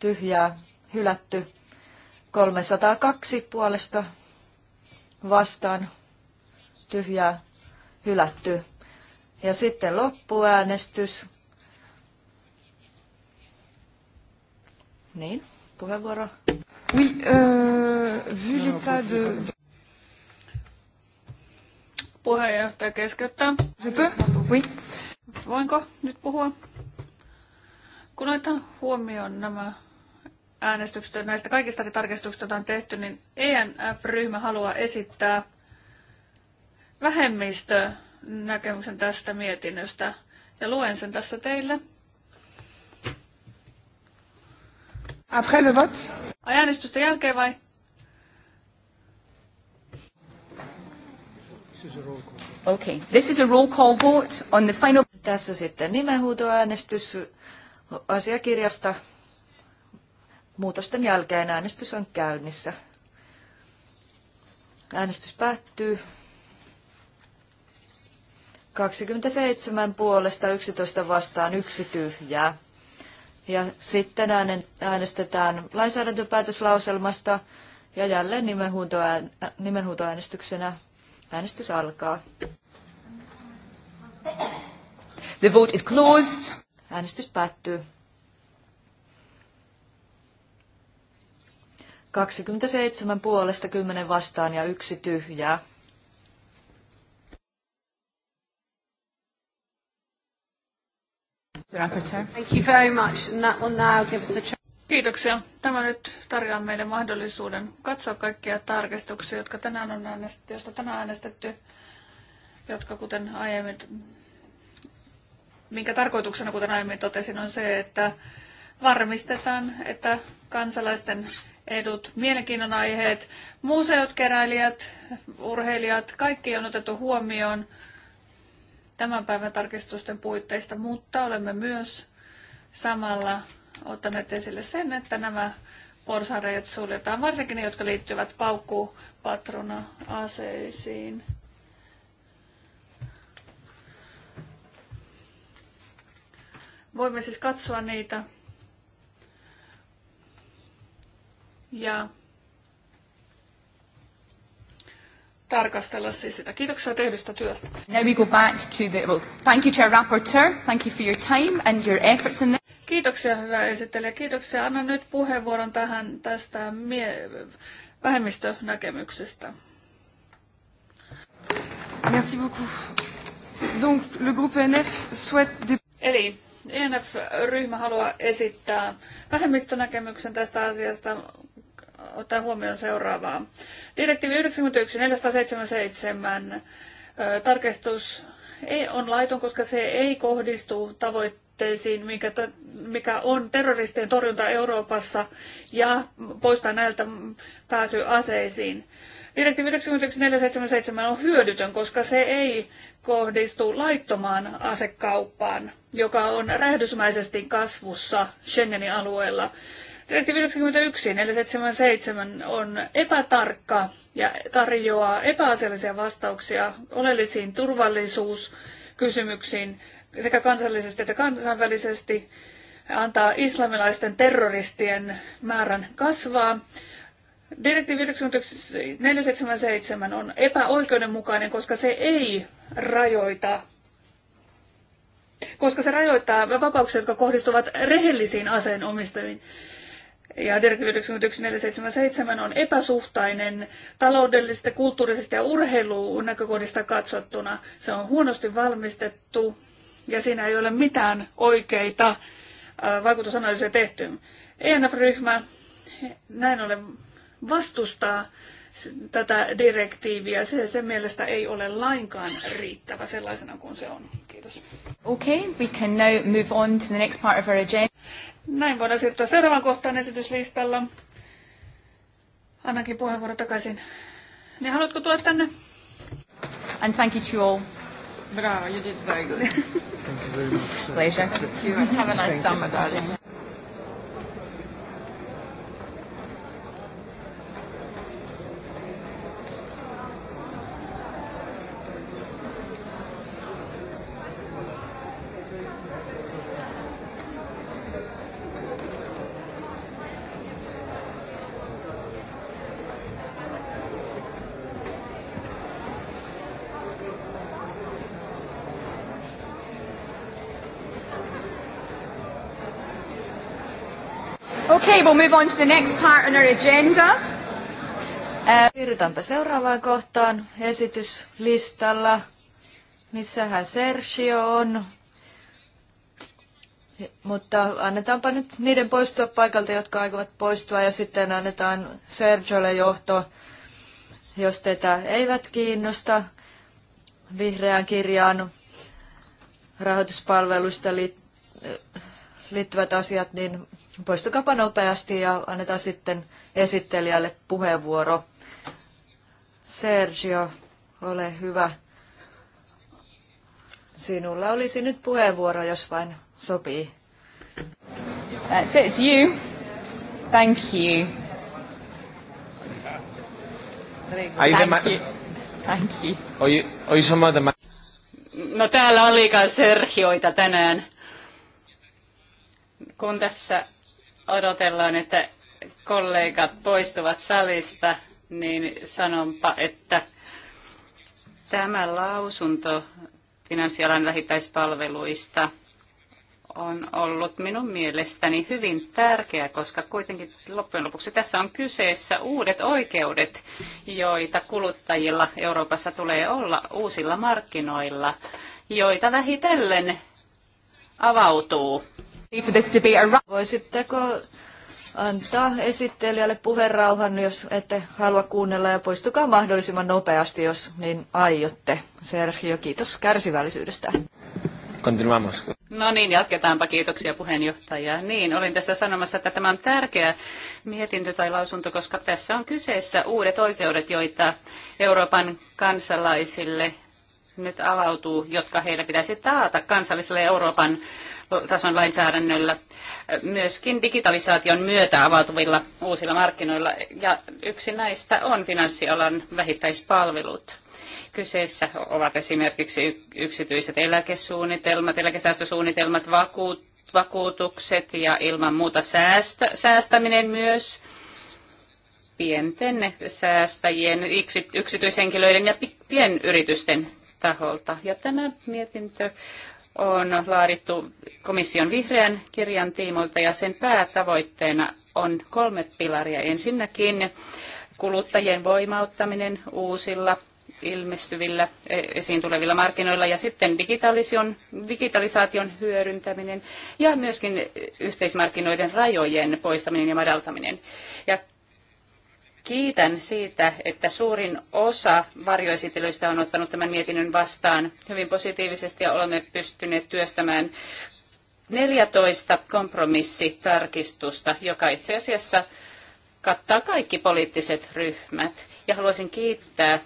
tyhjää hylätty. 302 puolesta vastaan tyhjää hylätty. Ja sitten loppuäänestys. Niin, puheenvuoro. Oui, euh, vu l'état de... Puheenjohtaja keskeyttää. Hypö? Oui. Voinko nyt puhua? Kun otetaan huomioon nämä äänestykset, näistä kaikista tarkistuksista, joita on tehty, niin ENF-ryhmä haluaa esittää vähemmistö tästä mietinnöstä. Ja luen sen tässä teille. Après le vote? Ai äänestystä jälkeen vai? Okay. This is a roll call vote on the final... Tässä sitten nimenhuutoäänestys Asiakirjasta muutosten jälkeen äänestys on käynnissä. Äänestys päättyy. 27 puolesta 11 vastaan yksi tyhjää. Ja sitten äänestetään lainsäädäntöpäätöslauselmasta ja jälleen nimenhuutoäänestyksenä äänestys alkaa. The vote is closed. Äänestys päättyy. 27 puolesta 10 vastaan ja yksi tyhjää. Kiitoksia. Tämä nyt tarjoaa meille mahdollisuuden katsoa kaikkia tarkistuksia, jotka tänään on äänestetty, josta tänään äänestetty, jotka kuten aiemmin minkä tarkoituksena, kuten aiemmin totesin, on se, että varmistetaan, että kansalaisten edut, mielenkiinnon aiheet, museot, keräilijät, urheilijat, kaikki on otettu huomioon tämän päivän tarkistusten puitteista, mutta olemme myös samalla ottaneet esille sen, että nämä porsareet suljetaan, varsinkin ne, jotka liittyvät paukkupatrona aseisiin. Voimme siis katsoa niitä. Ja tarkastella siis sitä. Kiitoksia tehdystä työstä. Now we go back to the, well, thank you to our rapporteur, thank you for your time and your efforts in this. Kiitoksia hyvä esittelijä. Kiitoksia. Anna nyt puheenvuoron tähän tästä mie- vähemmistönäkemyksestä. Merci beaucoup. Donc, le groupe NF souhaite... Des... Eli ENF-ryhmä haluaa esittää vähemmistönäkemyksen tästä asiasta ottaen huomioon seuraavaa. Direktiivi 91.477 tarkistus ei on laiton, koska se ei kohdistu tavoitteisiin, mikä, mikä on terroristien torjunta Euroopassa ja poistaa näiltä pääsy aseisiin. Direktiivi 91477 on hyödytön, koska se ei kohdistu laittomaan asekauppaan, joka on räjähdysmäisesti kasvussa Schengenin alueella. Direktiivi 91477 on epätarkka ja tarjoaa epäasiallisia vastauksia oleellisiin turvallisuuskysymyksiin sekä kansallisesti että kansainvälisesti antaa islamilaisten terroristien määrän kasvaa Direktiivi 477 on epäoikeudenmukainen, koska se ei rajoita koska se rajoittaa vapauksia, jotka kohdistuvat rehellisiin aseenomistajiin. Ja direktiivi 91477 on epäsuhtainen taloudellisesti, kulttuurisesti ja urheiluun näkökohdista katsottuna. Se on huonosti valmistettu ja siinä ei ole mitään oikeita äh, vaikutusanalyysejä tehty. ENF-ryhmä näin ollen vastustaa tätä direktiiviä. Se, se mielestä ei ole lainkaan riittävä sellaisena kuin se on. Kiitos. Okay, we can now move on to the next part of our agenda. Näin voidaan siirtyä seuraavaan kohtaan esityslistalla. Annakin puheenvuoro takaisin. Ne haluatko tulla tänne? And thank you to you all. Bravo, you did very good. you very much. Pleasure. Thank you and have a nice thank summer, darling. Okay, we'll move on to the next part on our agenda. Uh, Siirrytäänpä seuraavaan kohtaan esityslistalla. Missähän Sergio on? Mutta annetaanpa nyt niiden poistua paikalta, jotka aikovat poistua, ja sitten annetaan Sergiolle johto, jos teitä eivät kiinnosta vihreään kirjaan rahoituspalveluista liittyen liittyvät asiat, niin poistukaapa nopeasti ja annetaan sitten esittelijälle puheenvuoro. Sergio, ole hyvä. Sinulla olisi nyt puheenvuoro, jos vain sopii. That's it, you. Thank you. Thank you. Thank you. Hoy, hoy No täällä on liikaa Sergioita tänään kun tässä odotellaan, että kollegat poistuvat salista, niin sanonpa, että tämä lausunto finanssialan vähittäispalveluista on ollut minun mielestäni hyvin tärkeä, koska kuitenkin loppujen lopuksi tässä on kyseessä uudet oikeudet, joita kuluttajilla Euroopassa tulee olla uusilla markkinoilla, joita vähitellen avautuu Voisitteko antaa esittelijälle puheenrauhan, jos ette halua kuunnella ja poistukaa mahdollisimman nopeasti, jos niin aiotte. Sergio, kiitos kärsivällisyydestä. Continuamos. No niin, jatketaanpa. Kiitoksia puheenjohtaja. Niin, olin tässä sanomassa, että tämä on tärkeä mietintö tai lausunto, koska tässä on kyseessä uudet oikeudet, joita Euroopan kansalaisille nyt avautuu, jotka heillä pitäisi taata kansalliselle Euroopan tason lainsäädännöllä, myöskin digitalisaation myötä avautuvilla uusilla markkinoilla. Ja yksi näistä on finanssialan vähittäispalvelut. Kyseessä ovat esimerkiksi yksityiset eläkesuunnitelmat, eläkesäästösuunnitelmat, vakuutukset ja ilman muuta säästö, säästäminen myös pienten säästäjien, yksityishenkilöiden ja pienyritysten taholta. Ja tämä mietintö on laadittu komission vihreän kirjan tiimoilta ja sen päätavoitteena on kolme pilaria. Ensinnäkin kuluttajien voimauttaminen uusilla ilmestyvillä e, esiin tulevilla markkinoilla ja sitten digitalisaation, digitalisaation hyödyntäminen ja myöskin yhteismarkkinoiden rajojen poistaminen ja madaltaminen. Ja Kiitän siitä, että suurin osa varjoesittelyistä on ottanut tämän mietinnön vastaan hyvin positiivisesti ja olemme pystyneet työstämään 14 kompromissitarkistusta, joka itse asiassa kattaa kaikki poliittiset ryhmät. Ja haluaisin kiittää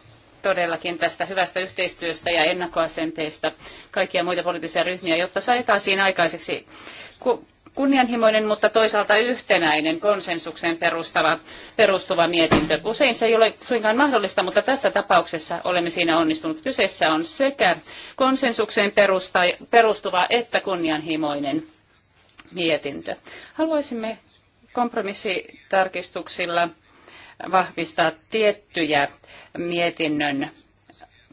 todellakin tästä hyvästä yhteistyöstä ja ennakkoasenteesta kaikkia muita poliittisia ryhmiä, jotta saataisiin aikaiseksi kunnianhimoinen, mutta toisaalta yhtenäinen konsensukseen perustava, perustuva mietintö. Usein se ei ole suinkaan mahdollista, mutta tässä tapauksessa olemme siinä onnistunut. Kyseessä on sekä konsensukseen perusta, perustuva että kunnianhimoinen mietintö. Haluaisimme kompromissitarkistuksilla vahvistaa tiettyjä mietinnön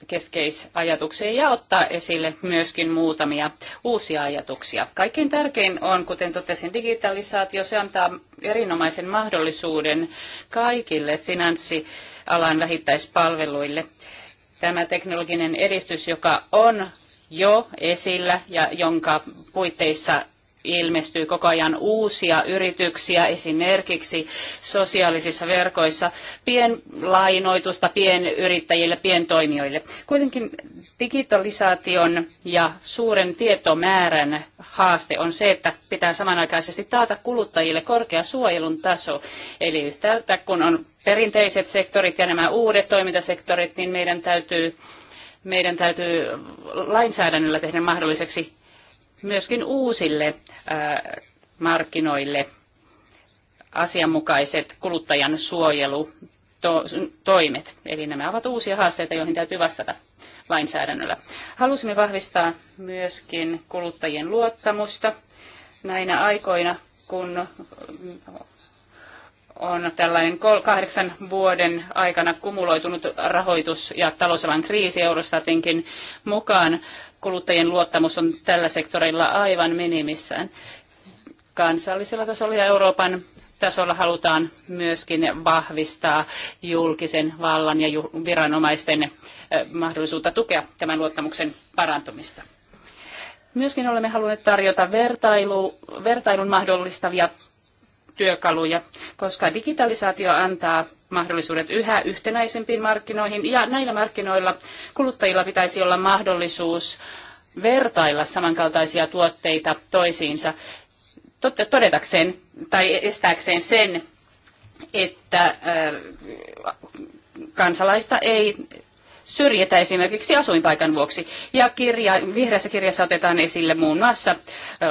keskeisajatuksia ja ottaa esille myöskin muutamia uusia ajatuksia. Kaikkein tärkein on, kuten totesin, digitalisaatio. Se antaa erinomaisen mahdollisuuden kaikille finanssialan vähittäispalveluille. Tämä teknologinen edistys, joka on jo esillä ja jonka puitteissa ilmestyy koko ajan uusia yrityksiä esimerkiksi sosiaalisissa verkoissa pienlainoitusta pienyrittäjille, pientoimijoille. Kuitenkin digitalisaation ja suuren tietomäärän haaste on se, että pitää samanaikaisesti taata kuluttajille korkea suojelun taso. Eli yhtäältä kun on perinteiset sektorit ja nämä uudet toimintasektorit, niin meidän täytyy meidän täytyy lainsäädännöllä tehdä mahdolliseksi myöskin uusille markkinoille asianmukaiset kuluttajan suojelutoimet. Eli nämä ovat uusia haasteita, joihin täytyy vastata lainsäädännöllä. Halusimme vahvistaa myöskin kuluttajien luottamusta näinä aikoina, kun on tällainen kahdeksan vuoden aikana kumuloitunut rahoitus- ja talousalan kriisi Eurostatinkin mukaan. Kuluttajien luottamus on tällä sektorilla aivan minimissään. Kansallisella tasolla ja Euroopan tasolla halutaan myöskin vahvistaa julkisen vallan ja viranomaisten mahdollisuutta tukea tämän luottamuksen parantumista. Myöskin olemme halunneet tarjota vertailu, vertailun mahdollistavia työkaluja, koska digitalisaatio antaa mahdollisuudet yhä yhtenäisempiin markkinoihin ja näillä markkinoilla kuluttajilla pitäisi olla mahdollisuus vertailla samankaltaisia tuotteita toisiinsa todetakseen tai estääkseen sen, että kansalaista ei syrjitä esimerkiksi asuinpaikan vuoksi. Ja kirja, vihreässä kirjassa otetaan esille muun muassa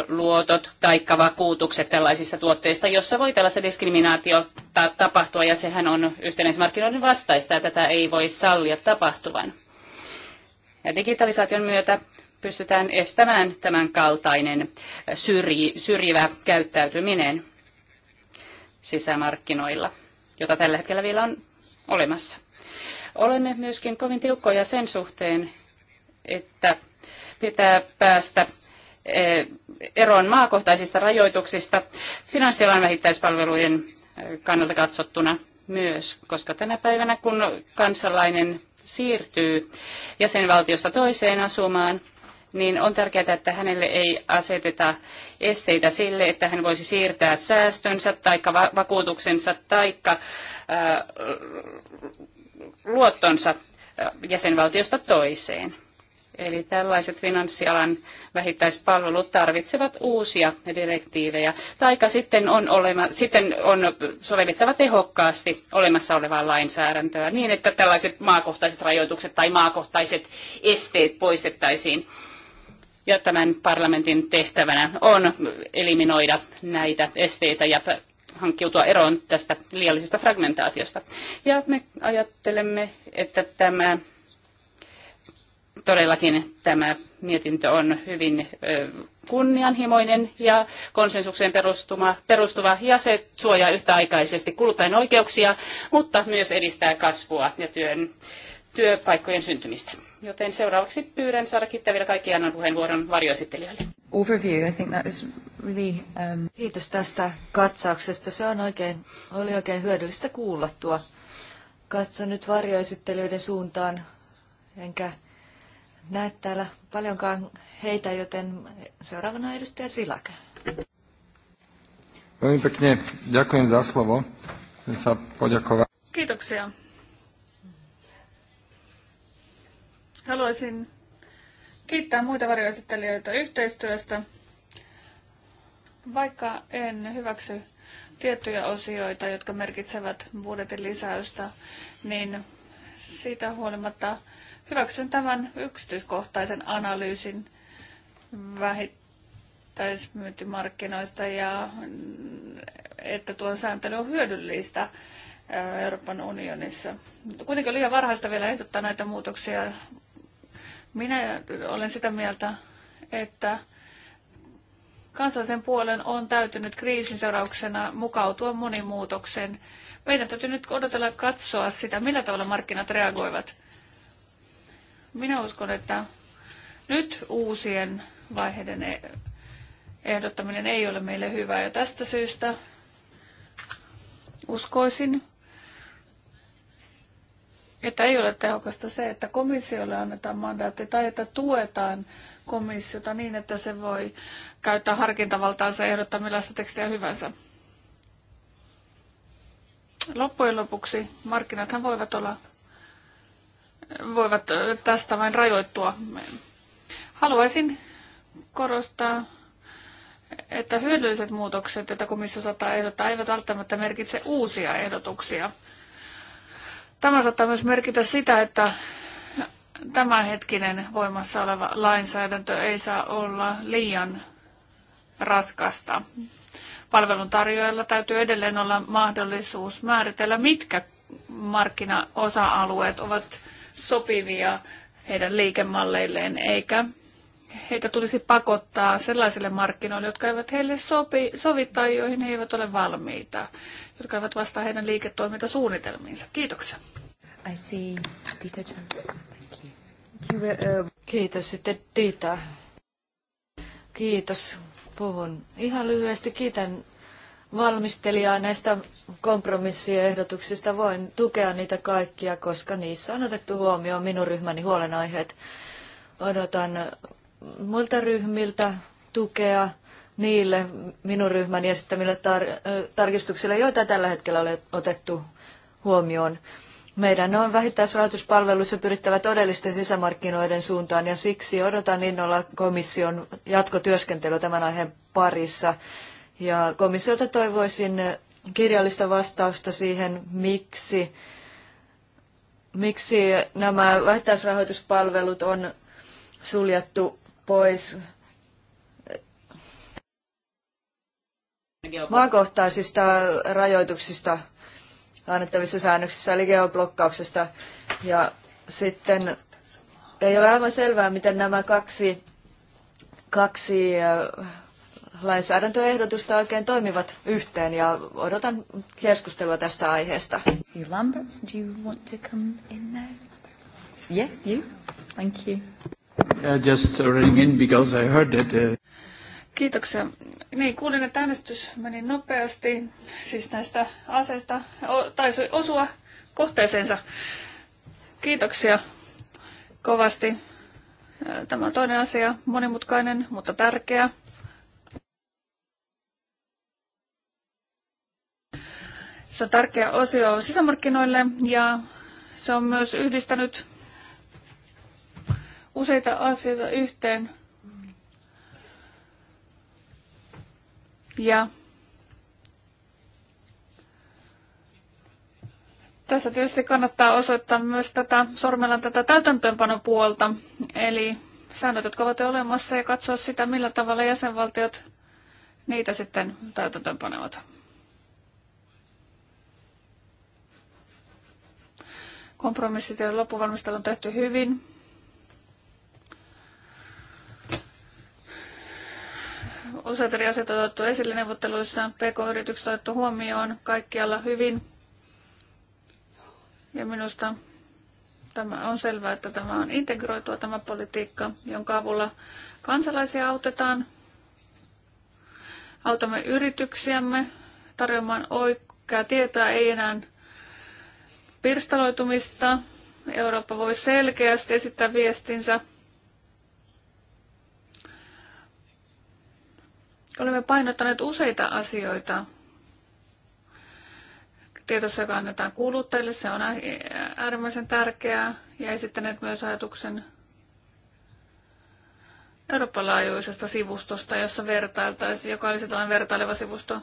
luotot tai vakuutukset tällaisista tuotteista, jossa voi tällaista diskriminaatio tapahtua, ja sehän on yhtenäismarkkinoiden vastaista, ja tätä ei voi sallia tapahtuvan. Ja digitalisaation myötä pystytään estämään tämän kaltainen syrji, syrjivä käyttäytyminen sisämarkkinoilla, jota tällä hetkellä vielä on olemassa. Olemme myöskin kovin tiukkoja sen suhteen, että pitää päästä eh, eroon maakohtaisista rajoituksista finanssialan vähittäispalveluiden eh, kannalta katsottuna myös, koska tänä päivänä kun kansalainen siirtyy jäsenvaltiosta toiseen asumaan, niin on tärkeää, että hänelle ei aseteta esteitä sille, että hän voisi siirtää säästönsä tai vakuutuksensa tai luottonsa jäsenvaltiosta toiseen. Eli tällaiset finanssialan vähittäispalvelut tarvitsevat uusia direktiivejä, tai sitten on, olema, sitten on sovellettava tehokkaasti olemassa olevaa lainsäädäntöä niin, että tällaiset maakohtaiset rajoitukset tai maakohtaiset esteet poistettaisiin. Ja tämän parlamentin tehtävänä on eliminoida näitä esteitä ja hankkiutua eroon tästä liiallisesta fragmentaatiosta. Ja me ajattelemme, että tämä todellakin tämä mietintö on hyvin kunnianhimoinen ja konsensukseen perustuma, perustuva ja se suojaa yhtäaikaisesti kuluttajan oikeuksia, mutta myös edistää kasvua ja työn, työpaikkojen syntymistä. Joten seuraavaksi pyydän saada kiittää vielä kaikki annan puheenvuoron varjoesittelijöille overview. I think that is really, um... Kiitos tästä katsauksesta. Se on oikein, oli oikein hyödyllistä kuulla tuo. Katson nyt varjoesittelyiden suuntaan, enkä näe täällä paljonkaan heitä, joten seuraavana edustaja Silake. Kiitoksia. Haluaisin kiittää muita varjoesittelijöitä yhteistyöstä. Vaikka en hyväksy tiettyjä osioita, jotka merkitsevät budjetin lisäystä, niin siitä huolimatta hyväksyn tämän yksityiskohtaisen analyysin vähittäismyyntimarkkinoista ja että tuo sääntely on hyödyllistä Euroopan unionissa. Kuitenkin on liian varhaista vielä ehdottaa näitä muutoksia. Minä olen sitä mieltä, että kansallisen puolen on täytynyt kriisin seurauksena mukautua monimuutokseen. Meidän täytyy nyt odotella katsoa sitä, millä tavalla markkinat reagoivat. Minä uskon, että nyt uusien vaiheiden e- ehdottaminen ei ole meille hyvä. Ja tästä syystä uskoisin, että ei ole tehokasta se, että komissiolle annetaan mandaatti tai että tuetaan komissiota niin, että se voi käyttää harkintavaltaansa ja ehdottaa millaista tekstiä hyvänsä. Loppujen lopuksi markkinathan voivat olla voivat tästä vain rajoittua. Haluaisin korostaa, että hyödylliset muutokset, joita komissio saattaa ehdottaa, eivät välttämättä merkitse uusia ehdotuksia – Tämä saattaa myös merkitä sitä, että tämänhetkinen voimassa oleva lainsäädäntö ei saa olla liian raskasta. Palveluntarjoajalla täytyy edelleen olla mahdollisuus määritellä, mitkä markkinaosa-alueet ovat sopivia heidän liikemalleilleen, eikä heitä tulisi pakottaa sellaisille markkinoille, jotka eivät heille sopi, sovi tai joihin he eivät ole valmiita, jotka eivät vastaa heidän liiketoimintasuunnitelmiinsa. Kiitoksia. I see Dita Chan. Thank you. Thank you. Uh, uh, Kiitos sitten Dita. Kiitos. Puhun ihan lyhyesti. Kiitän valmistelijaa näistä kompromissiehdotuksista. Voin tukea niitä kaikkia, koska niissä on otettu huomioon minun ryhmäni huolenaiheet. Odotan muilta ryhmiltä tukea niille minun ryhmäni esittämille tar- tarkistuksille, joita tällä hetkellä on otettu huomioon. Meidän on vähittäisrahoituspalveluissa pyrittävä todellisten sisämarkkinoiden suuntaan ja siksi odotan innolla komission jatkotyöskentelyä tämän aiheen parissa. Ja komissiolta toivoisin kirjallista vastausta siihen, miksi, miksi nämä vähittäisrahoituspalvelut on suljettu pois maakohtaisista rajoituksista annettavissa säännöksissä, eli geoblokkauksesta. Ja sitten ei ole aivan selvää, miten nämä kaksi, kaksi äh, lainsäädäntöehdotusta oikein toimivat yhteen ja odotan keskustelua tästä aiheesta. Yeah, you. Thank you. Yeah, uh, just running in because I heard that. Uh... Kiitoksia. Niin, kuulin, että äänestys meni nopeasti, siis näistä aseista taisi osua kohteeseensa. Kiitoksia kovasti. Tämä on toinen asia, monimutkainen, mutta tärkeä. Se on tärkeä osio sisämarkkinoille ja se on myös yhdistänyt useita asioita yhteen Ja tässä tietysti kannattaa osoittaa myös tätä sormella tätä täytäntöönpanopuolta, eli säännöt, jotka ovat jo olemassa ja katsoa sitä, millä tavalla jäsenvaltiot niitä sitten täytäntöönpanevat. Kompromissit ja loppuvalmistelu on tehty hyvin. Useat eri asiat on otettu esille neuvotteluissa, PK-yritykset on otettu huomioon kaikkialla hyvin. Ja minusta tämä on selvää, että tämä on integroitua tämä politiikka, jonka avulla kansalaisia autetaan. Autamme yrityksiämme tarjoamaan oikeaa tietoa, ei enää pirstaloitumista. Eurooppa voi selkeästi esittää viestinsä Olemme painottaneet useita asioita. Tietossa, joka annetaan kuluttajille, se on äärimmäisen tärkeää, ja esittäneet myös ajatuksen Euroopan laajuisesta sivustosta, jossa vertailtaisiin, joka olisi tällainen vertaileva sivusto.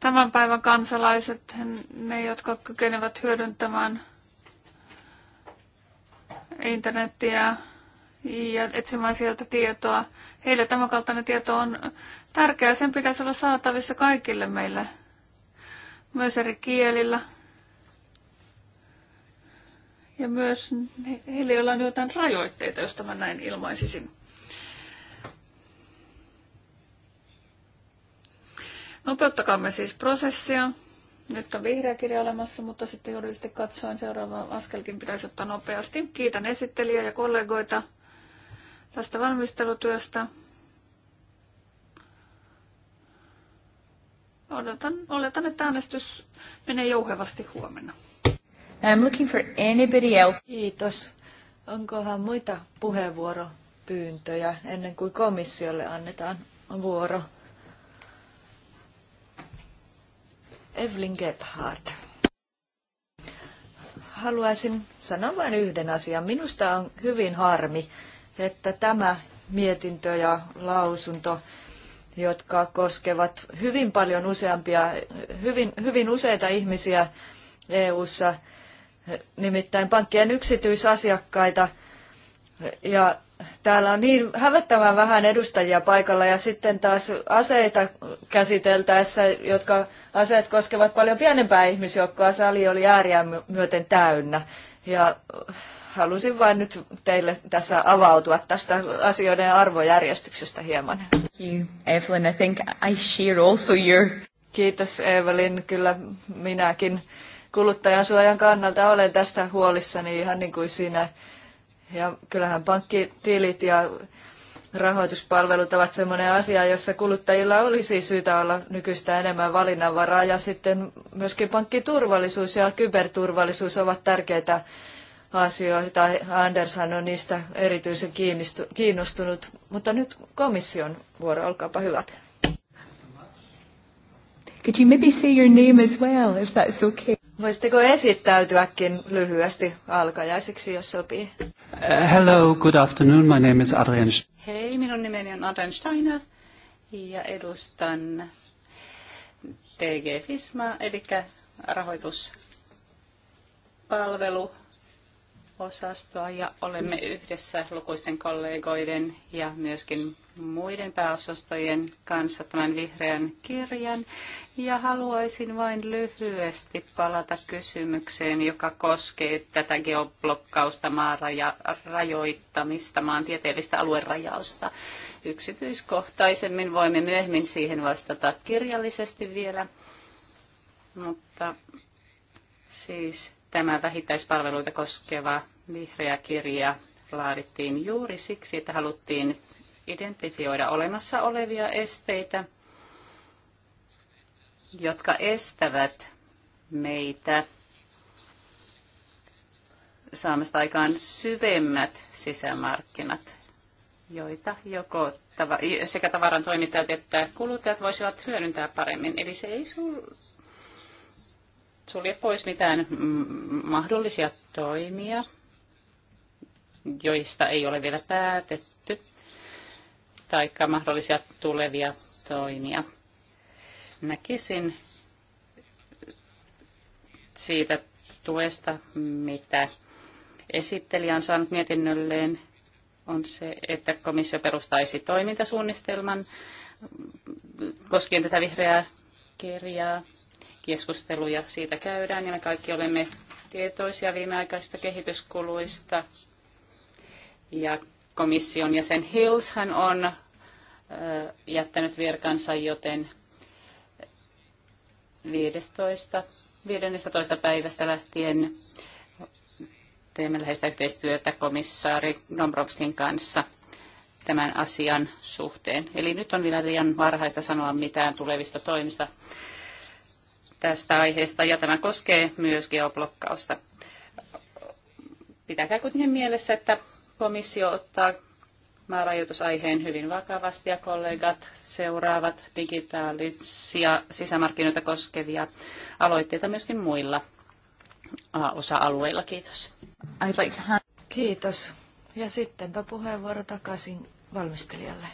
Tämän päivän kansalaiset, ne jotka kykenevät hyödyntämään internettiä ja etsimään sieltä tietoa. Heille kaltainen tieto on tärkeää. Sen pitäisi olla saatavissa kaikille meille, myös eri kielillä. Ja myös heillä, ei on jotain rajoitteita, jos mä näin ilmaisisin. Nopeuttakaamme siis prosessia. Nyt on vihreä kirja olemassa, mutta sitten juridisesti katsoen seuraava askelkin pitäisi ottaa nopeasti. Kiitän esittelijä ja kollegoita tästä valmistelutyöstä. Odotan, oletan, että äänestys menee jouhevasti huomenna. I'm looking for anybody else. Kiitos. Onkohan muita puheenvuoropyyntöjä ennen kuin komissiolle annetaan vuoro? Evelyn Gebhardt. Haluaisin sanoa vain yhden asian. Minusta on hyvin harmi, että tämä mietintö ja lausunto, jotka koskevat hyvin paljon useampia, hyvin, hyvin useita ihmisiä EU:ssa, nimittäin pankkien yksityisasiakkaita ja Täällä on niin hävettävän vähän edustajia paikalla ja sitten taas aseita käsiteltäessä, jotka aseet koskevat paljon pienempää ihmisjoukkoa, sali oli ääriä myöten täynnä. Ja halusin vain nyt teille tässä avautua tästä asioiden arvojärjestyksestä hieman. Thank Evelyn. I think I share also your... Kiitos Evelyn, kyllä minäkin kuluttajansuojan kannalta olen tästä huolissani ihan niin kuin siinä ja kyllähän pankkitilit ja rahoituspalvelut ovat sellainen asia, jossa kuluttajilla olisi syytä olla nykyistä enemmän valinnanvaraa ja sitten myöskin pankkiturvallisuus ja kyberturvallisuus ovat tärkeitä asioita. Andershan on niistä erityisen kiinnostunut, mutta nyt komission vuoro, olkaapa hyvät. Could you maybe say your name as well, if that's okay? Voisitteko esittäytyäkin lyhyesti alkajaisiksi, jos sopii? Uh, hello, good afternoon. My name is Adrian. Hei, minun nimeni on Adrian Steiner ja edustan TG Fisma, eli rahoituspalvelu osastoa ja olemme yhdessä lukuisten kollegoiden ja myöskin muiden pääosastojen kanssa tämän vihreän kirjan. Ja haluaisin vain lyhyesti palata kysymykseen, joka koskee tätä geoblokkausta, maarajoittamista, maantieteellistä aluerajausta. Yksityiskohtaisemmin voimme myöhemmin siihen vastata kirjallisesti vielä, mutta siis tämä vähittäispalveluita koskeva vihreä kirja laadittiin juuri siksi, että haluttiin identifioida olemassa olevia esteitä, jotka estävät meitä saamasta aikaan syvemmät sisämarkkinat, joita joko sekä tavaran toimittajat että kuluttajat voisivat hyödyntää paremmin. Eli se ei sul- sulje pois mitään mahdollisia toimia, joista ei ole vielä päätetty, tai mahdollisia tulevia toimia. Näkisin siitä tuesta, mitä esittelijä on saanut mietinnölleen, on se, että komissio perustaisi toimintasuunnistelman koskien tätä vihreää kirjaa keskusteluja siitä käydään ja me kaikki olemme tietoisia viimeaikaisista kehityskuluista. Ja komission jäsen Hills hän on jättänyt virkansa, joten 15. 15. päivästä lähtien teemme läheistä yhteistyötä komissaari Dombrovskin kanssa tämän asian suhteen. Eli nyt on vielä liian varhaista sanoa mitään tulevista toimista tästä aiheesta ja tämä koskee myös geoblokkausta. Pitäkää kuitenkin mielessä, että komissio ottaa maarajoitusaiheen hyvin vakavasti ja kollegat seuraavat digitaalisia sisämarkkinoita koskevia aloitteita myöskin muilla osa-alueilla. Kiitos. Kiitos. Ja sittenpä puheenvuoro takaisin valmistelijalle.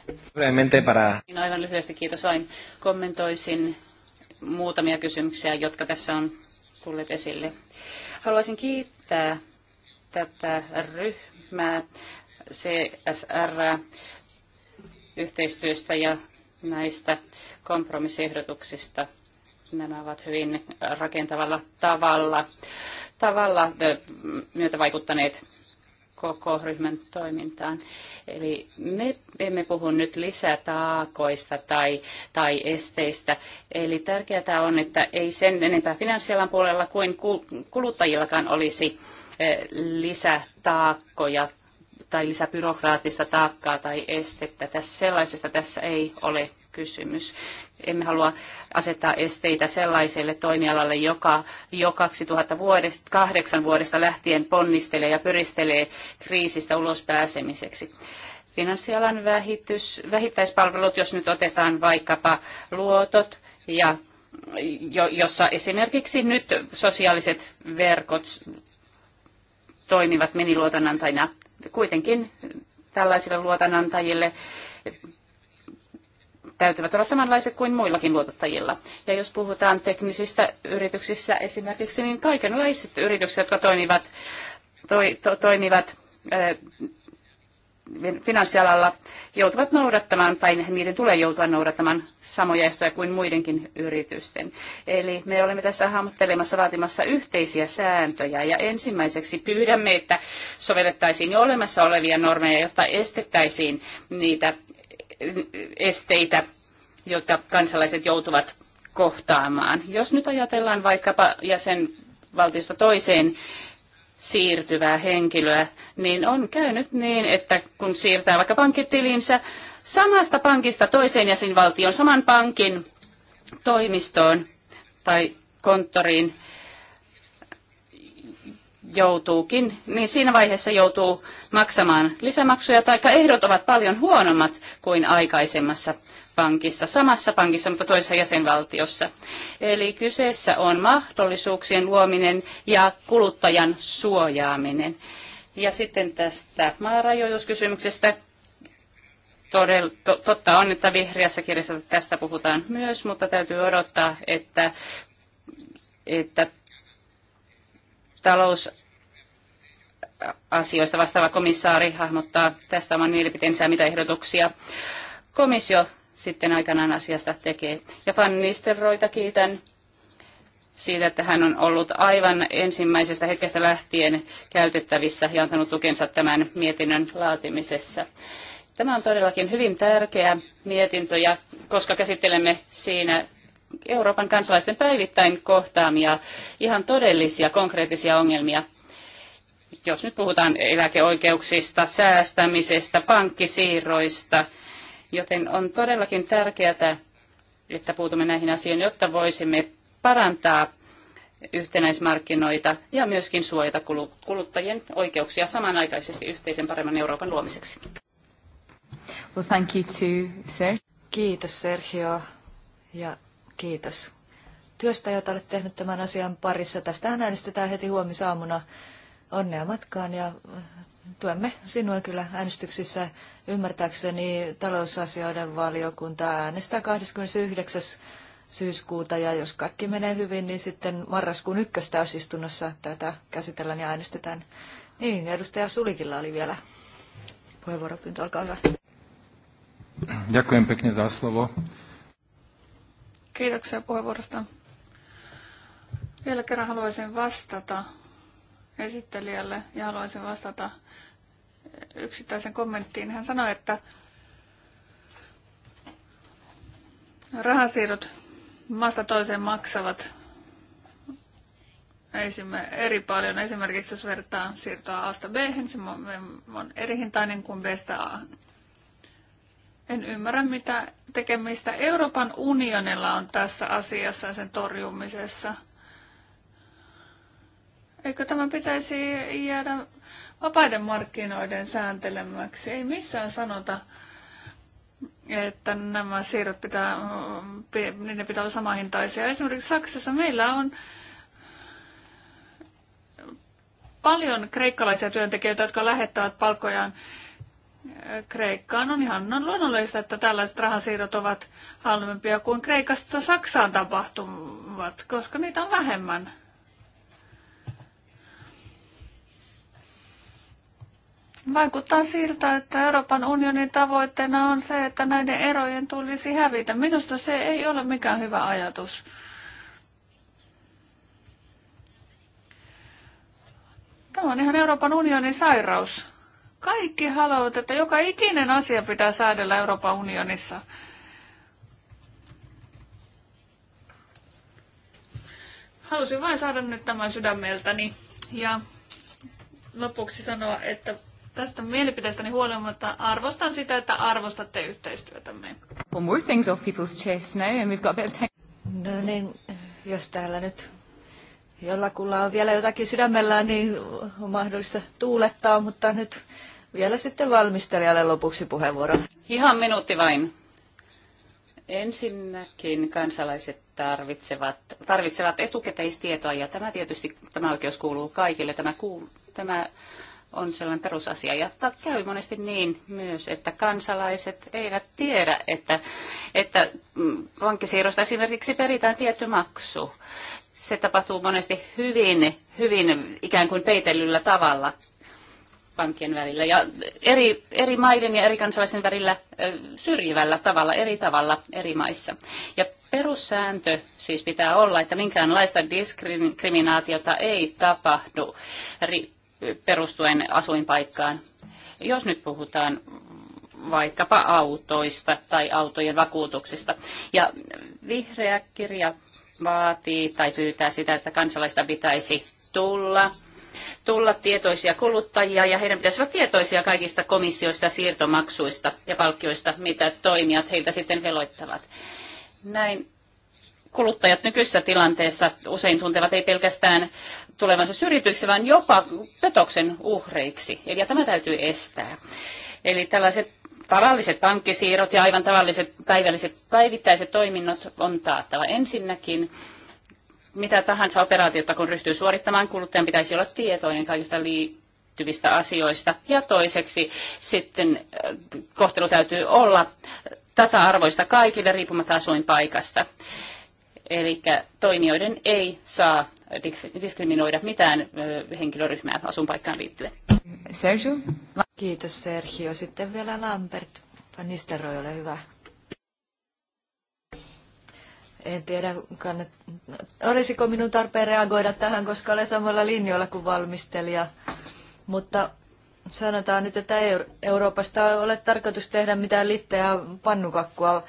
Niin aivan lyhyesti kiitos vain kommentoisin muutamia kysymyksiä, jotka tässä on tulleet esille. Haluaisin kiittää tätä ryhmää CSR yhteistyöstä ja näistä kompromissiehdotuksista. Nämä ovat hyvin rakentavalla tavalla, tavalla vaikuttaneet koko ryhmän toimintaan. Eli me emme puhu nyt lisätaakoista tai, tai esteistä. Eli tärkeää on, että ei sen enempää finanssialan puolella kuin kuluttajillakaan olisi eh, lisätaakkoja tai lisäbyrokraattista taakkaa tai estettä. Tässä, sellaisesta tässä ei ole kysymys. Emme halua asettaa esteitä sellaiselle toimialalle, joka jo 2008 vuodesta lähtien ponnistelee ja pyristelee kriisistä ulos pääsemiseksi finanssialan vähitys, vähittäispalvelut, jos nyt otetaan vaikkapa luotot ja jo, jossa esimerkiksi nyt sosiaaliset verkot toimivat miniluotonantajina. Kuitenkin tällaisille luotonantajille täytyvät olla samanlaiset kuin muillakin luotottajilla. Ja jos puhutaan teknisistä yrityksissä esimerkiksi, niin kaikenlaiset yritykset, jotka toimivat, toi, to, toimivat ää, eh, finanssialalla, joutuvat noudattamaan tai niiden tulee joutua noudattamaan samoja ehtoja kuin muidenkin yritysten. Eli me olemme tässä hahmottelemassa vaatimassa yhteisiä sääntöjä ja ensimmäiseksi pyydämme, että sovellettaisiin jo olemassa olevia normeja, jotta estettäisiin niitä esteitä, joita kansalaiset joutuvat kohtaamaan. Jos nyt ajatellaan vaikkapa jäsenvaltiosta toiseen siirtyvää henkilöä, niin on käynyt niin, että kun siirtää vaikka pankkitilinsä samasta pankista toiseen jäsenvaltioon, saman pankin toimistoon tai konttoriin joutuukin, niin siinä vaiheessa joutuu maksamaan lisämaksuja, tai ehdot ovat paljon huonommat kuin aikaisemmassa pankissa, samassa pankissa, mutta toisessa jäsenvaltiossa. Eli kyseessä on mahdollisuuksien luominen ja kuluttajan suojaaminen. Ja sitten tästä maarajoituskysymyksestä todella, to, totta on, että vihreässä kirjassa tästä puhutaan myös, mutta täytyy odottaa, että, että talous asioista vastaava komissaari hahmottaa tästä oman mielipiteensä, mitä ehdotuksia komissio sitten aikanaan asiasta tekee. Ja Van Nistelrooita kiitän siitä, että hän on ollut aivan ensimmäisestä hetkestä lähtien käytettävissä ja antanut tukensa tämän mietinnön laatimisessa. Tämä on todellakin hyvin tärkeä mietintö, ja koska käsittelemme siinä Euroopan kansalaisten päivittäin kohtaamia ihan todellisia konkreettisia ongelmia, jos nyt puhutaan eläkeoikeuksista, säästämisestä, pankkisiirroista, joten on todellakin tärkeää, että puutumme näihin asioihin, jotta voisimme parantaa yhtenäismarkkinoita ja myöskin suojata kuluttajien oikeuksia samanaikaisesti yhteisen paremman Euroopan luomiseksi. Well, thank you to sir. Kiitos Sergio ja kiitos työstä, jota olet tehnyt tämän asian parissa. Tästä äänestetään heti huomisaamuna onnea matkaan ja tuemme sinua kyllä äänestyksissä. Ymmärtääkseni talousasioiden valiokunta äänestää 29. syyskuuta ja jos kaikki menee hyvin, niin sitten marraskuun ykköstäysistunnossa tätä käsitellään ja äänestetään. Niin, edustaja Sulikilla oli vielä puheenvuoropyyntö, olkaa hyvä. Ďakujem pekne za slovo. Kiitoksia puheenvuorosta. Vielä kerran haluaisin vastata esittelijälle ja haluaisin vastata yksittäisen kommenttiin. Hän sanoi, että rahasiirrot maasta toiseen maksavat eri paljon. Esimerkiksi jos vertaa siirtoa Asta B, niin se on eri hintainen kuin Bstä A. En ymmärrä, mitä tekemistä Euroopan unionilla on tässä asiassa ja sen torjumisessa – Eikö tämä pitäisi jäädä vapaiden markkinoiden sääntelemäksi? Ei missään sanota, että nämä siirrot pitää, niiden pitää olla samahintaisia. Esimerkiksi Saksassa meillä on paljon kreikkalaisia työntekijöitä, jotka lähettävät palkkojaan Kreikkaan. On ihan on luonnollista, että tällaiset rahasiirrot ovat halvempia kuin Kreikasta Saksaan tapahtuvat, koska niitä on vähemmän. Vaikuttaa siltä, että Euroopan unionin tavoitteena on se, että näiden erojen tulisi hävitä. Minusta se ei ole mikään hyvä ajatus. Tämä on ihan Euroopan unionin sairaus. Kaikki haluavat, että joka ikinen asia pitää säädellä Euroopan unionissa. Halusin vain saada nyt tämän sydämeltäni ja lopuksi sanoa, että Tästä mielipiteestäni huolimatta arvostan sitä, että arvostatte yhteistyötämme. One more things off people's chests now and we've got a bit of time. No niin, jos täällä nyt jollakulla on vielä jotakin sydämellään, niin on mahdollista tuulettaa, mutta nyt vielä sitten valmistelijalle lopuksi puheenvuoro. Ihan minuutti vain. Ensinnäkin kansalaiset tarvitsevat, tarvitsevat etukäteistietoa ja tämä tietysti, tämä oikeus kuuluu kaikille. Tämä, kuul, tämä on sellainen perusasia. Ja käy monesti niin myös, että kansalaiset eivät tiedä, että, että mm, pankkisiirrosta esimerkiksi peritään tietty maksu. Se tapahtuu monesti hyvin, hyvin ikään kuin peitellyllä tavalla pankkien välillä ja eri, eri maiden ja eri kansalaisen välillä syrjivällä tavalla, eri tavalla eri maissa. Ja perussääntö siis pitää olla, että minkäänlaista diskriminaatiota ei tapahdu ri, perustuen asuinpaikkaan. Jos nyt puhutaan vaikkapa autoista tai autojen vakuutuksista. Ja vihreä kirja vaatii tai pyytää sitä, että kansalaista pitäisi tulla tulla tietoisia kuluttajia ja heidän pitäisi olla tietoisia kaikista komissioista, siirtomaksuista ja palkkioista, mitä toimijat heiltä sitten veloittavat. Näin kuluttajat nykyisessä tilanteessa usein tuntevat ei pelkästään tulevansa syrjityksi, vaan jopa petoksen uhreiksi. Eli tämä täytyy estää. Eli tällaiset tavalliset pankkisiirrot ja aivan tavalliset päivälliset, päivittäiset toiminnot on taattava. Ensinnäkin mitä tahansa operaatiota, kun ryhtyy suorittamaan, kuluttajan pitäisi olla tietoinen kaikista liittyvistä asioista. Ja toiseksi sitten äh, kohtelu täytyy olla tasa-arvoista kaikille riippumatta asuinpaikasta. paikasta Eli toimijoiden ei saa diskriminoida mitään henkilöryhmää asunpaikkaan liittyen. Sergio? Kiitos Sergio. Sitten vielä Lambert. Nisteroi, ole hyvä. En tiedä, kannat... olisiko minun tarpeen reagoida tähän, koska olen samalla linjoilla kuin valmistelija. Mutta sanotaan nyt, että Euroopasta ei ole tarkoitus tehdä mitään littejä pannukakkua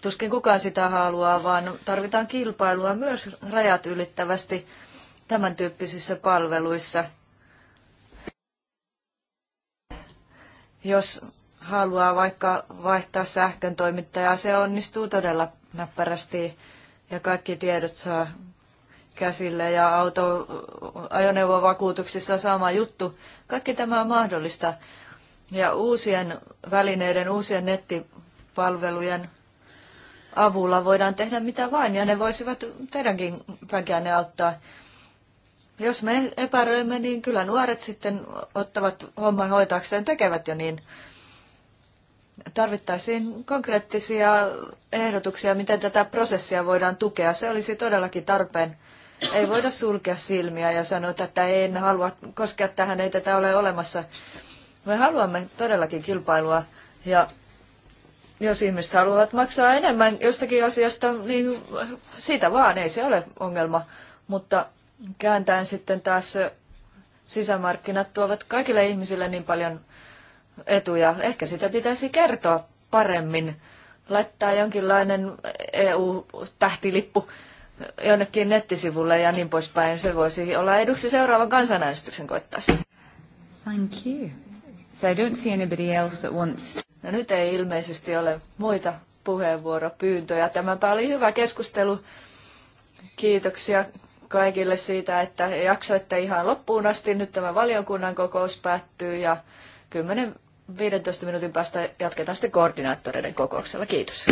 Tuskin kukaan sitä haluaa, vaan tarvitaan kilpailua myös rajat ylittävästi tämän tyyppisissä palveluissa. Jos haluaa vaikka vaihtaa sähkön toimittajaa, se onnistuu todella näppärästi ja kaikki tiedot saa käsille ja auto, ajoneuvovakuutuksissa sama juttu. Kaikki tämä on mahdollista. Ja uusien välineiden, uusien nettipalvelujen avulla voidaan tehdä mitä vain, ja ne voisivat teidänkin väkeänne auttaa. Jos me epäröimme, niin kyllä nuoret sitten ottavat homman hoitakseen, tekevät jo niin. Tarvittaisiin konkreettisia ehdotuksia, miten tätä prosessia voidaan tukea. Se olisi todellakin tarpeen. Ei voida sulkea silmiä ja sanoa, että en halua koskea tähän, ei tätä ole olemassa. Me haluamme todellakin kilpailua ja jos ihmiset haluavat maksaa enemmän jostakin asiasta, niin siitä vaan ei se ole ongelma. Mutta kääntäen sitten taas sisämarkkinat tuovat kaikille ihmisille niin paljon etuja. Ehkä sitä pitäisi kertoa paremmin. Laittaa jonkinlainen EU-tähtilippu jonnekin nettisivulle ja niin poispäin. Se voisi olla eduksi seuraavan kansanäänestyksen koittaessa. Thank you. So I don't see anybody else that wants... No nyt ei ilmeisesti ole muita puheenvuoropyyntöjä. Tämäpä oli hyvä keskustelu. Kiitoksia kaikille siitä, että jaksoitte ihan loppuun asti. Nyt tämä valiokunnan kokous päättyy ja 10-15 minuutin päästä jatketaan sitten koordinaattoreiden kokouksella. Kiitos.